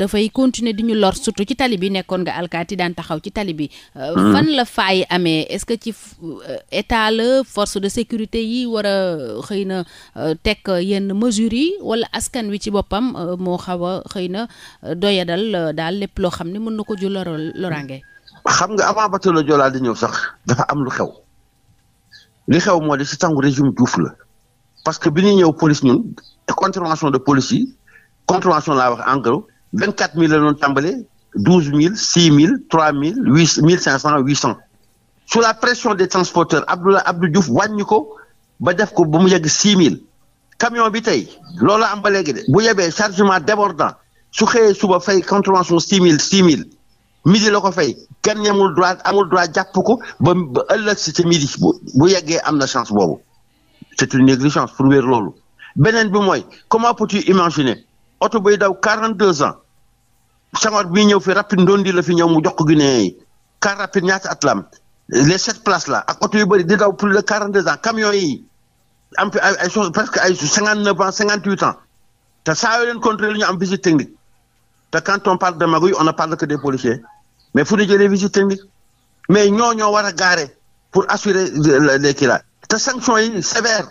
dafay continuer di ñu lor surtout ci tali bi nekkoon nga alkaati daan taxaw ci tali bi. Euh, mm-hmm. fan la faay amee est-ce que ci euh, état la force de sécurité yi war a xëy na teg yenn mesures yi wala askan wi ci boppam moo xaw a xëy na doyadal daal lépp loo xam ni mën na ko ju loral loraange. xam nga avant bateau Joola di ñëw sax dafa am lu xew li xew moo di si tàngu régime Diouf la. parce que bi ñuy ñëw police ñun contravention de police yi contravention laa wax en gros vingt quatre mille la doon tàmbalee douze mille six mille trois mille huit mille cinq cent huit cent su la pression des transporteurs Abdoulaye Abdou Diouf wàññi ko ba def ko ba mu yegg six mille camion bi tey loolu am ba léegi de bu yebee chargement débordant su xëyee suba fay contravention six mille six mille midi la ko fay gan ñamul droit amul droit jàpp ko ba ba ëllëg si ci midi bu yeggee am na chance boobu c'est une négligence pour wér loolu beneen bi mooy comment peux-tu imaginer oto bay daw quarante deux ans Senghor bi ñëw fi rapide ndondi la fi ñëw mu jox ko Guinée yi car rapide ñaata at la am les sept places oto yu bëri di daw plus de quarante deux ans camions yi am fi ay ay chose presque ay cinquante neuf ans cinquante huit ans te saa yoo leen contrôlé ñu am visite technique te quand on parle de on ne parle que des policiers mais fu ñu jëlee visite technique mais ñoo ñoo war a garer pour assurer les kii te sanctions yi sévères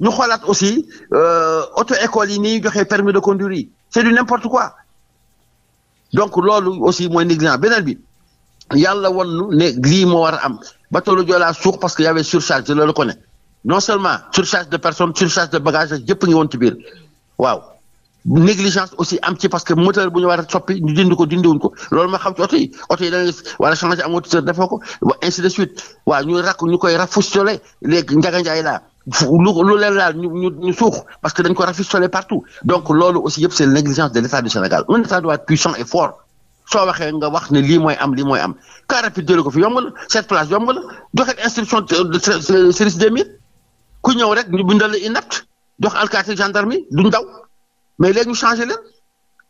ñu xoolaat aussi euh, auto école yi ni joxe permis de conduire yi c'est du n'importe quoi donc loolu aussi mooy négligence beneen bi yàlla won nu ne lii moo war a am bateau le Joola suux parce que y avait surcharge je le reconnais non seulement surcharge de personne surcharge de bagage yëpp ngi woon ci biir waaw négligence aussi am ci parce que moteur bu ñu a soppi ñu dindi ko dindiwuñ ko loolu ma xam ci oto wala changé am moteur defoo ko ba ainsi de suite waaw ñu rakk ñu koy rafistole léegi njaganjaay laa lu lu leen laal ñu ñu ñu suux parce que dañ ko rafistole partout donc loolu aussi yëpp c'est négligence de l'État du Sénégal un État doit être puissant et fort soo waxee nga wax ne lii mooy am lii mooy am car rapide jëlee ko fi yomb la cette place yomb la joxe instruction de service des mines mais léegi ñu changé leen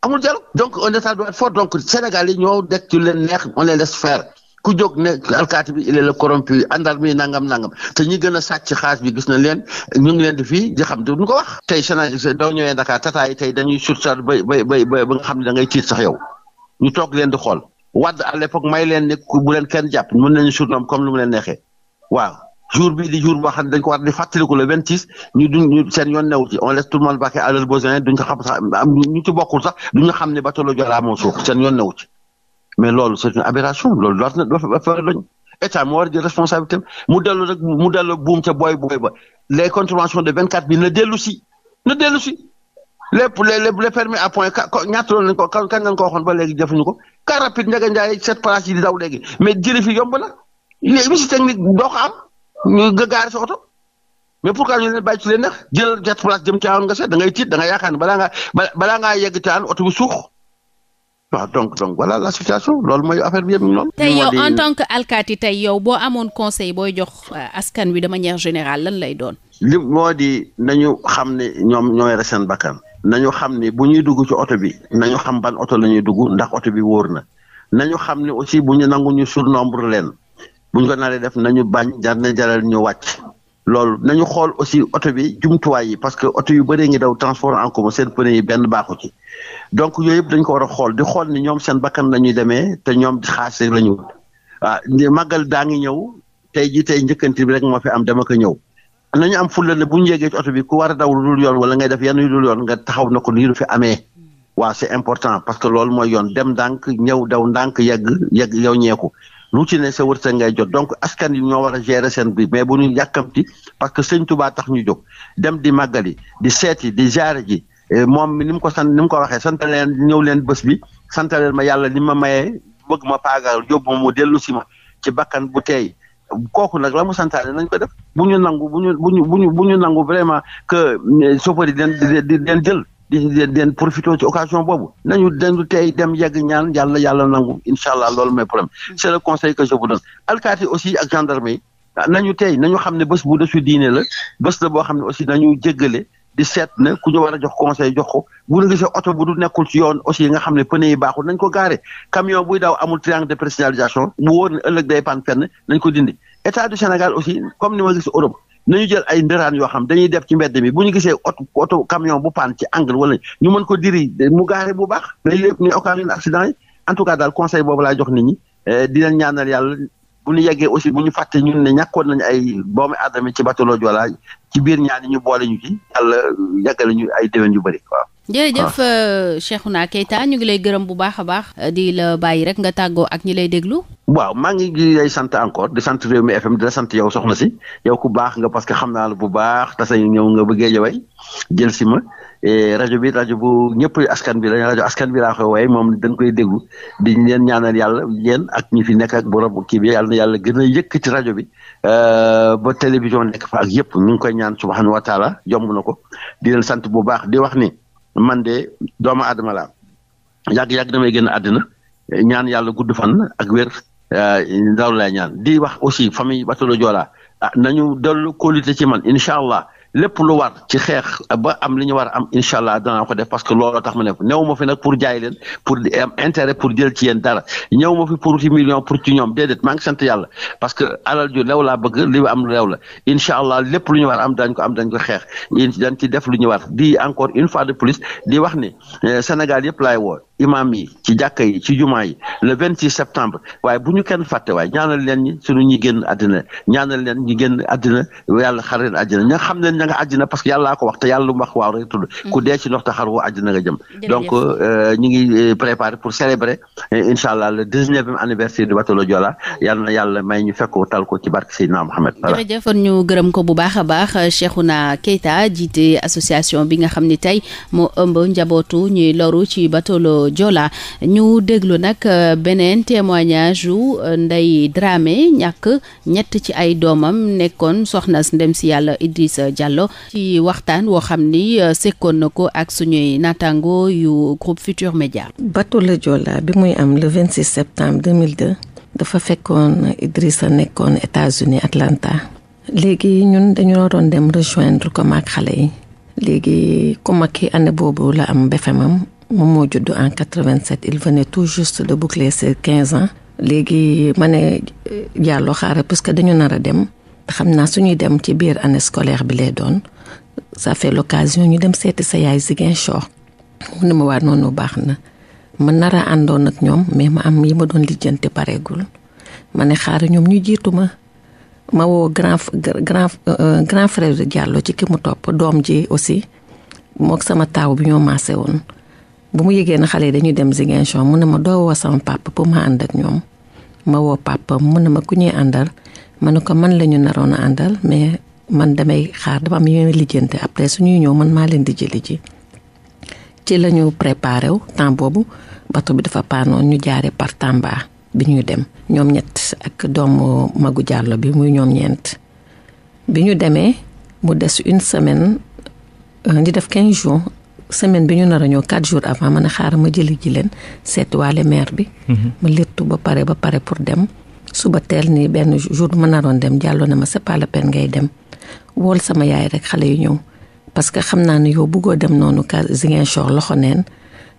amul dialogue donc o état doit être fort donc Sénégal yi ñoo dekk leen neex on les laisse faire ku jóg ne alkaati bi il est le corrompu àndar mi nangam nangam te ñi gën a sàcc xaas bi gis nañ leen ñu ngi leen di fii di xam duñ ko wax. tey Sénégal doo ñëwee Dakar tata yi tey dañuy surcharge ba ba ba ba nga xam ne da ngay tiit sax yow ñu toog leen di xool wadd à l'époque may leen ne bu leen kenn jàpp mën nañu surnom comme lu mu leen neexee waaw. jour bii jour boo xam ne dañ le vingt six ñu duñ seen yoon new ci on laisse tout le monde vaquer à leurs besoins duñ ko sax ñu ci xam ne bateau la Joola seen yoon new ci mais loolu c'est une aberration loolu war moo war di responsabilité mu dellu buum ca booy booy ba les contraventions de vingt quatre mille na dellu si na dellu si lépp lépp point ka ñaata loolu lañ ko kan kan lañ ko waxoon ba léegi ko car rapide Ndiaga Ndiaye sept places yi di daw léegi ñu gaari sa oto mais pourquoi ñu leen bàyyi ci leen nag jël jàpp place jëm caawoon nga seet da ngay da nga yaakaar ne balaa ngaa balaa ngaa yegg caan oto bi suux waaw donc donc wala la situation loolu mooy affaire bi yëpp noonu. tey yow en tant alkaati tey yow boo amoon conseil booy jox euh, askan wi de manière général lan lay doon. li moo di nañu xam ne ñoom ñooy yore seen bakkan nañu xam ne bu ñuy dugg ci oto bi nañu xam ban oto la ñuy dugg ndax oto bi wóor na nañu xam ne aussi bu ñu nangu ñu surnombre leen. buñ ko naree def nañu bañ jar na jaral ñu wàcc loolu nañu xool aussi oto bi jumtuwaay yi parce que oto yu bëree ngi daw transport en commun seen pneu yi benn baaxu ci donc yooyu dañ ko war a xool di xool ni ñoom seen bakkan la ñuy demee te ñoom xaas rek la ñu waaw màggal daa ngi ñëw tey ji tey njëkkanti bi rek moo fi am dama ko ñëw nañu am fulla ne bu ñu yéegee bi ku war a daw lu dul yoon wala ngay def yenn yu yoon nga taxaw na ko nii du fi amee waaw c'est important parce que loolu mooy yoon dem ndànk ñëw daw ndànk yegg yegg yow ñeeku lu ci ne sa wërsëg ngay jot donc askan yi ñoo war a gérer seen biir mais bu ñu yàkkamti parce que sëñ Tuubaa tax ñu jog dem di màggali di seeti di jaare ji eh, moom ni mu ko sant ni mu ko waxee sant leen ñëw leen bés bi sant leen ma yàlla ni ma mayee bëgg ma paagaal yóbbu ma mu dellu si ma ci bakkan bu teey kooku nag la mu santaane nañ ko def bu ñu nangu bu ñu bu ñu bu ñu bu ñu nangu vraiment que eh, chauffeur yi den den jël di leen profité ci occasion boobu nañu dañu tey dem yegg ñaan yàlla yàlla nangu incha allah loolu mooy problème mm. c' conseil que je vous alkaati aussi ak gendarmerie ah, nañu tey nañu xam ne bés bu desu diine la bés boo xam ne aussi nañu jéggale di seet na ku ñu war a jox conseil jox ko bu ñu gisee oto bu du nekkul yoon aussi nga xam ne pneu baaxul nañ ko gaare camion buy daaw amul triangle de présignalisation bu wóor ne ëllëg day pan fenn nañ ko ni ma nañu jël ay ndëraan yoo xam dañuy def ci mbedd mi bu ñu gisee oto oto camion bu paan ci angle wala ñu mën ko diri mu gaare bu baax dañ lépp ni occasion accident yi en tout cas daal conseil boobu laay jox nit ñi eh, di leen ñaanal yàlla bu ñu yeggee aussi bu ñu fàtte ñun ne ñàkkoon nañu ay doomi aadama ci batalo Joola ci biir ñaan yi ñu boole ñu ci yàlla yàggale ñu ay déwén yu bëri waaw naa ah. euh, Cheikhouna Keita ñu ngi lay gërëm bu baax a baax euh, di la bàyyi rek nga tàggoo ak ñi lay déglu waaw maa ngi lay sant encore di sant réew mi FM di la yow soxna si yow ku baax nga parce que xam naa la bu baax tasa ñëw nga bëggee jaway jël si ma rajo bi rajo bu ñëpp askan bi la rajo askan bi laa waaye moom dañ koy déglu di leen ñaanal yàlla yéen ñi fi nekk ak borom kii bi yàlla na yàlla gën a yëkk ci rajo bi euh, ba télévision nekk fa ak yëpp ñu ngi koy ñaan subhanahu wa taala jomb na ko di leen sant bu baax di wax ni man de doomu aadama laa yàgg yàgg damay génn àddina ñaan yàlla gudd fan ak wér euh, ndaw laay ñaan di wax aussi famille Batolo Joola ah nañu dellu kóolite ci man incha allah lépp lu war ci xeex ba am li ñu war a am incha allah danaa ko def parce que looloo tax ma ne néew ma fi nag pour jaay leen pour am intérêt pour jël ci yéen dara ñëw ma fi pour ci million pour ci ñoom déedéet maa ngi sant yàlla parce que alal ju lew laa bëgg li am lew la incha allah lépp lu ñu war am dañ ko am dañ ko xeex dañ ci def lu ñu war di encore une fois de plus di wax ni eh, Sénégal yëpp laay woo imaam yi ci jàkka yi ci jumaa le septembre waaye bu ñu kenn fàtte waaye ñaanal leen ñi suñu ñi génn àddina ñaanal leen ñi génn àddina yàlla xar leen àddina ña xam leen ña nga àddina parce que yàllaa ko wax te yàlla lu mu wax waaw tudd mm. ku dee ci ndox te xar woo àddina nga jëm donc ñu gërëm ko bu baax a baax euh, Cheikhouna Keita jiite association bi nga xam ne tey moo ëmb njabootu ñuy loru ci bateau jola ñu déglu nag euh, beneen témoignage yu euh, Ndeye Dramé ñàkk ñett ci ay doomam nekkoon soxna ndem si yàlla Idrissa Diallo ci waxtaan woo xam ni euh, sekkoon na ko ak suñuy naataango yu groupe Futur Média. bateau la Joola bi muy am le 26 septembre 2002 dafa fekkoon a nekkoon États-Unis Atlanta. léegi ñun dañoo doon dem rejoindre comme ak xale yi. léegi ku mag ki année boobu la am befemam moom moo judd en 87 il venait tout juste de boucler ses 15 ans. léegi ma ne euh, Diallo xaaral parce que dañu nar a dem xam naa suñuy dem ci biir année scolaire bi lay doon ça fait l'occasion ñu dem seeti sa yaay Ziguinchor mu ne ma waa noonu baax na ma nar a àndoon ak ñoom mais ma am yi ma doon lijjante pareegul ma ne xaaral ñoom ñu jiitu ma ma woo grand grand euh, euh, grand frère ci ki mu topp doom ji aussi moo sama taaw bi ñoo maase woon. bu mu yëgee ne xale yi dañuy dem Ziguinchor mu ne ma doo woo sama papa pour ma ànd ak ñoom ma woo papa mu ne ma ku ñuy àndal ma ne ko man la ñu naroon àndal mais man damay xaar dama am yeneen lijjante après suñuy ñëw man maa leen di jëli ji ci la ñu préparé wu temps boobu bato bi dafa paanoon ñu jaaree par Tamba bi ñuy dem ñoom ñett ak doomu Magu Diallo bi muy ñoom ñeent bi ñu demee mu des une semaine euh, ñu def quinze jours semaine bi ñu nar a ñëw quatre jours avant man a xaaral ma jëli ji leen seet waale maire bi. Mhm. ma léttu ba pare ba pare pour dem. suba teel nii benn jour ma naroon dem jàlloo na ma c'est pas la peine ngay dem wool sama yaay rek xale yu ñëw parce que xam naa ne yow bëggoo dem noonu ka Ziguinchor loxo neen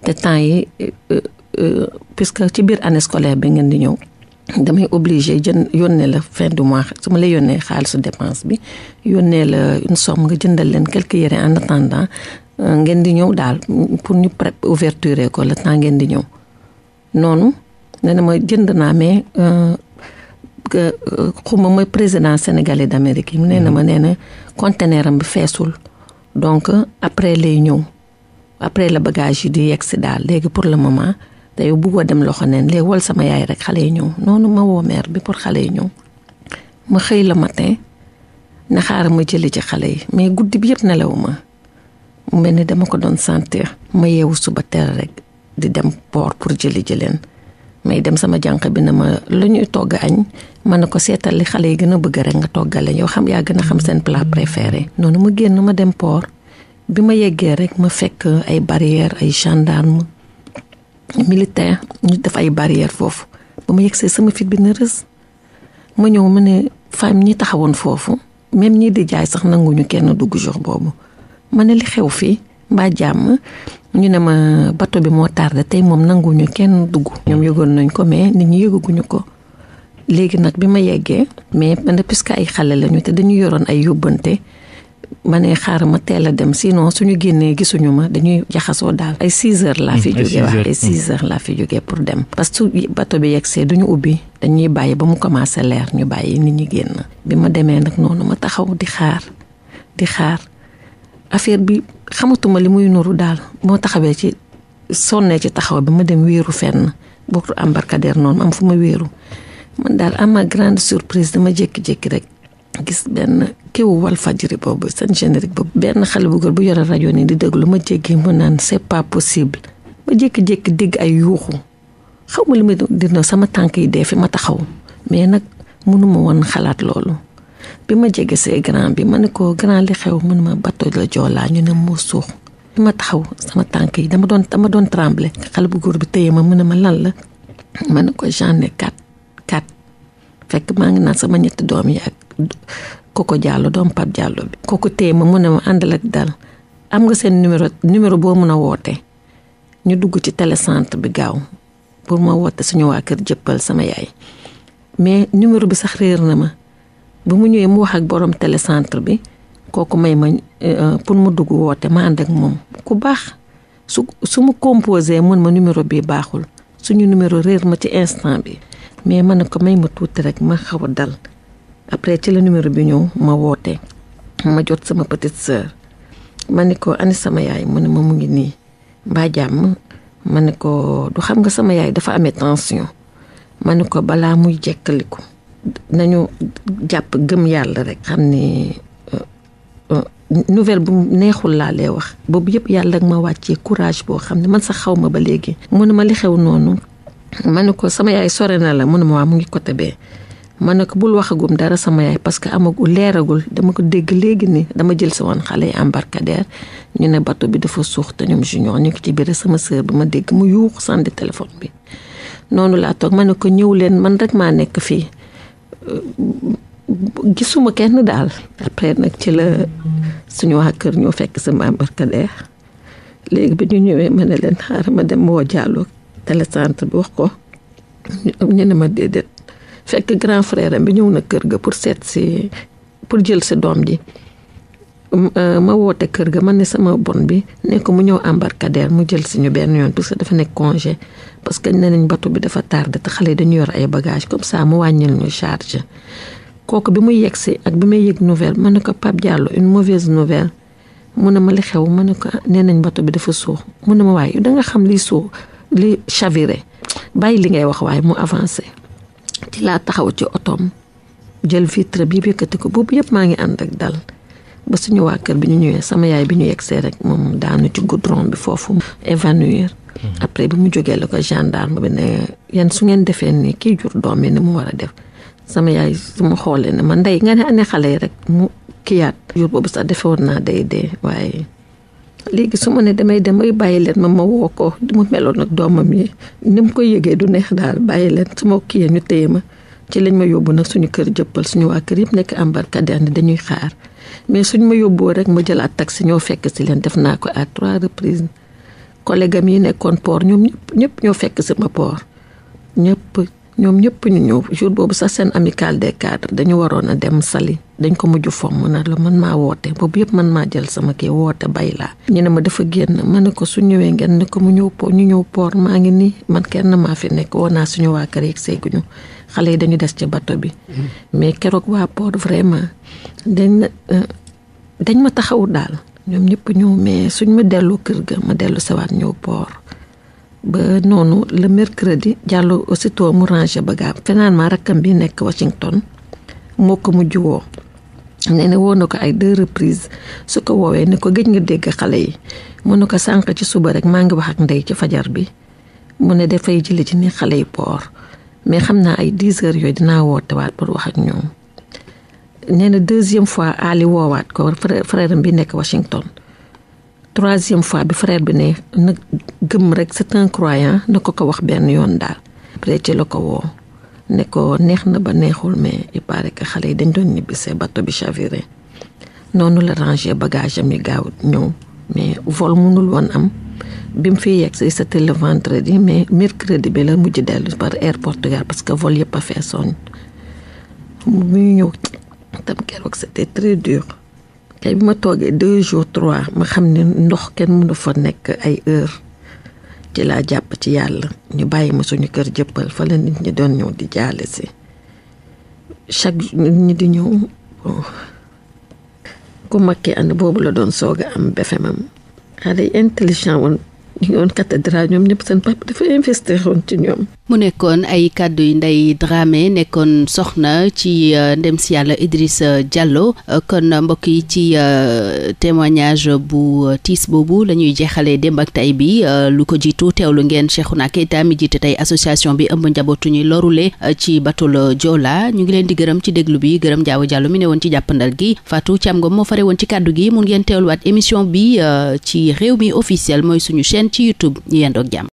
te temps yi euh, euh, puisque ci biir année scolaire bi ngeen di ñëw. damay obligé jën yónnee la fin du mois su ma lay yónnee xaalisu dépense bi yónnee la une somme nga jëndal leen quelques yére en attendant Euh, ngeen di ñëw daal pour ñu pré ouverture ko le temps ngeen di ñëw noonu nee na ma jënd naa mais euh, euh, xuma mooy président sénégalais d'Amérique yi mu nee na ma nee na conteneur am bi feesul donc après lay ñëw après la bagage yi di yegg si daal léegi pour le moment te yow bëggoo dem loxo neen léegi wal sama yaay rek xale yi ñëw noonu ma woo bi pour xale yi ñëw ma xëy la matin na xaaral ma jëli ci xale yi mais guddi bi yëpp nelawuma mu mel ni dama ko doon sentir ma yeewu suba teel rek di dem port pour jëli jëleen may dem sama jànq bi na ma lu ñuy togg añ ma ne ko seetal li xale yi gën a bëgg rek nga toggalee yow xam yaa gën a xam seen plat préféré. noonu ma génn ma dem poor bi ma yeggee rek ma fekk ay barrière ay gendarme militaire ñu def ay barrière foofu ba ma yegsee sama fit bi na rës ma ñëw ma ne femme ñi taxawoon foofu même ñi di jaay sax nanguñu kenn dugg jour boobu ma ne li xew fii mbaa jàmm ñu ne ma bato bi moo tardé tey moom nanguñu kenn dugg. ñoom yëgoon nañ ko mais nit ñi yëgaguñu ko. léegi nag bi ma yeggee mais man puisque ay xale lañu te dañu yoroon ay yóbbante ma ne xaaral ma teel a dem sinon suñu génnee gisuñu ma dañuy jaxasoo daal. ay 6 heures laa fi hmm, jógee waaw ay 6 hmm. laa fi jógee pour dem. que su bato bi yegsee duñu ubbi dañuy bàyyi ba mu commencé leer ñu bàyyi nit ñi génn. bi ma demee nag noonu ma taxaw di xaar di xaar. affaire bi xamatuma li muy nuru daal moo taxawee ci sonnee ci taxaw bi ma dem wéeru fenn am embarcadère noonu am fu ma wéeru man daal am ma grande surprise dama jékki-jékki rek gis benn kiwu wal fajiri boobu seen générique boobu benn xale bu góor bu yore rajo nii di déglu ma jéggi mu naan c'est pas possible ma jékki-jékki dégg ay yuuxu xaw ma li ma dina sama tànk yi dee fi ma taxaw mais nag mënuma woon xalaat loolu bi ma jege see grand bi ma ne ko grand li xew mun ma bato la joolaa ñu ne moo suux bi ma taxaw sama tànk yi dama doon dama doon tremble xale bu góor bi téye ma mën a ma lan la mën ne ko genné kat kat fekk maa ngi naan sama ñetti doom yi ak ko ko jàllo doom pap jàllo bi ko téye ma mu ne ma àndal ak dal am nga seen numéro numéro boo mën a woote ñu dugg ci télécentre bi gaaw pour ma woote suñu waa kër jëppal sama yaay mais numéro bi sax réer na ma bi mu ñëwee mu wax ak borom télécentre bi kooku may ma euh, pour mu dugg woote ma ànd ak moom ku baax su su mu composé mën ma numéro bi baaxul suñu numéro réer ma ci instant bi mais ma na ko may ma tuuti rek ma xaw a dal après ci la numéro bi ñëw ma woote ma jot sama petite sœur ma ne ko ani sama yaay mu ne ma mu ngi nii mbaa jàmm ma ne ko du xam nga sama yaay dafa amee tension ma ne ko balaa muy jekkaliku nañu jàpp gëm yàlla rek xam ni euh, euh, nouvelle bu neexul laa lay wax boobu yëpp yàlla ak ma wàccee courage boo xam ne man sax xaw ma ba léegi mu ma li xew noonu man ne ko sama yaay sore na la mu ma waa mu ngi côté bee ma ne ko bul waxagum dara sama yaay parce que amagul leeragul dama ko dégg léegi ni dama jël sa woon xale yi embarcadère ñu ne bateau bi dafa suux te ñoom junior ñu ngi ci biir sama sœur bi ma dégg mu yuux sànni téléphone bi noonu laa toog ma ko ñëw leen man rek maa nekk fii gisuma kenn daal après nag ci la suñu wax kër ñoo fekk sama embarcadère léegi bi ñu ñëwee ma ne leen xaaral ma dem woo jàllu télécentre bi wax ko ñu ne ma déedéet fekk grand frère bi ñëw na kër ga pour seet si pour jël si doom ji Euh, ma woote kër ga man ne sama bon bi ne mu ñëw embarcadère mu jël suñu benn yoon parce que dafa nekk congé parce que ne nañ bato bi dafa tardé te xale yi dañu yor ay bagage comme ça mu wàññil ñu charge kooku bi muy yegg si ak bi may yëg nouvelle ma ne ko Pape Diallo une mauvaise nouvelle mu ne ma li xew ma ne ko ah, nee nañ bato bi dafa suux mu ne ma waaye danga xam li suux li chaviré bàyyi li ngay wax waaye mu avancé ci laa taxaw ci otoom jël vitre bi yëkkati ko boobu yëpp maa ngi ànd ak dal ba suñu waa kër bi ñu ñëwee sama yaay bi ñu yegsee rek moom daanu ci goudron bi foofu évanouir mhm. après bi mu jógee la ko gendarme bi ne yan su ngeen defee ni kii jur doom yi ni mu war a def sama yaay su ma xoolee ne ma ndey nga ne ane xale yi rek mu kiyaat jur boobu sax defe naa day dee waaye léegi su ma ne damay dem ay bàyyi leen ma ma woo ko mu meloon nag doomam yi ni mu koy yëgee du neex daal bàyyi leen su ma kiyee ñu téye ma ci lañ ma yóbbu nag suñu kër jëppal suñu waa kër yëpp nekk embarcadère ni dañuy xaar mais suñ ma yóbboo rek ma jëlaat taxi ñoo fekk si leen def naa ko à trois reprises collègue am yi nekkoon port ñoom ñëpp ñëpp ñoo fekk si ma port ñëpp ñoom ñëpp ñu ñëw jour boobu sax seen amicale des cadres dañu waroon a dem Saly dañ ko mujj fomm na la man maa woote boobu yëpp man maa jël sama kii woote bay laa. ñu ne ma dafa génn ma ne ko su ñëwee ngeen ko mu ñëw po ñu ñëw port maa ngi nii man kenn maa fi nekk woo naa suñu waa kër yeeg seeguñu xale yi dañu des ci bato bi. mais keroog waa port vraiment dañ euh, ma taxawu daal ñoom ñëpp ñëw mais suñ ma dellu kër ga ma dellu sawaat ñëw poor ba noonu le mercredi Diallo aussitôt mu rangé bagage finalement rakkam bi nekk Washington moo ko mujj woo nee ne woo na ko ay deux reprises su ko woowee ne ko gëj nga dégg xale yi mu ne ko sànq ci suba rek maa ngi wax ak ndey ci fajar bi mu ne dafay jëli ci ni xale yi poor mais xam naa ay dix heures yooyu dinaa wootewaat pour wax ak ñoom nee na deuxième fois Ali woowaat ko frère frère bi nekk Washington troisième fois bi frère bi ne na gëmm rek c'est un croyant na ko ko wax benn yoon daal. après ci la ko woo ne ko neex na ba neexul mais il paraît que xale yi dañ doon nibbisee bato bi chaviré noonu la ranger bagage am yi gaaw ñëw mais vol mënul woon am. bi mu fi yegg si c'était le vendredi mais mercredi bi la mujj dellu par air Portugal parce que vol yëpp a feesoon mu ñëw tam keroog c'était très dur kay bi ma toogee deux jours trois ma xam ne ndox kenn mënu fa nekk ay heure ci laa jàpp ci yàlla ñu bàyyi ma suñu kër jëppal fa la nit ñi doon ñëw di jaale si chaque nit ñi di ñëw ku mag ki ànd boobu la doon soog a am befemam xale yi intelligent woon ñu ngi woon cathédrale ñoom ñëpp seen papa dafa investir woon ci ñoom mu nekkoon ay kàddu yu ndey Dramé nekkoon soxna ci euh, ndem si yàlla Idrissa Diallo euh, kon mbokk yi ci euh, témoignage bu tiis boobu la ñuy jeexalee démb ak tay bi lu ko jiitu teewlu ngeen Cheikhouna Keita mi jiite tey association bi ëmb njabootu ñu lorule ci bateau Joola ñu ngi leen di gërëm ci déglu bi gërëm Jaawo Diallo mi ne woon ci jàppandal gi Fatou Thiam Ngom moo fare woon ci kàddu gi mun ngeen teewluwaat émission bi ci mi officiel mooy suñu chaîne ci YouTube ñu jàmm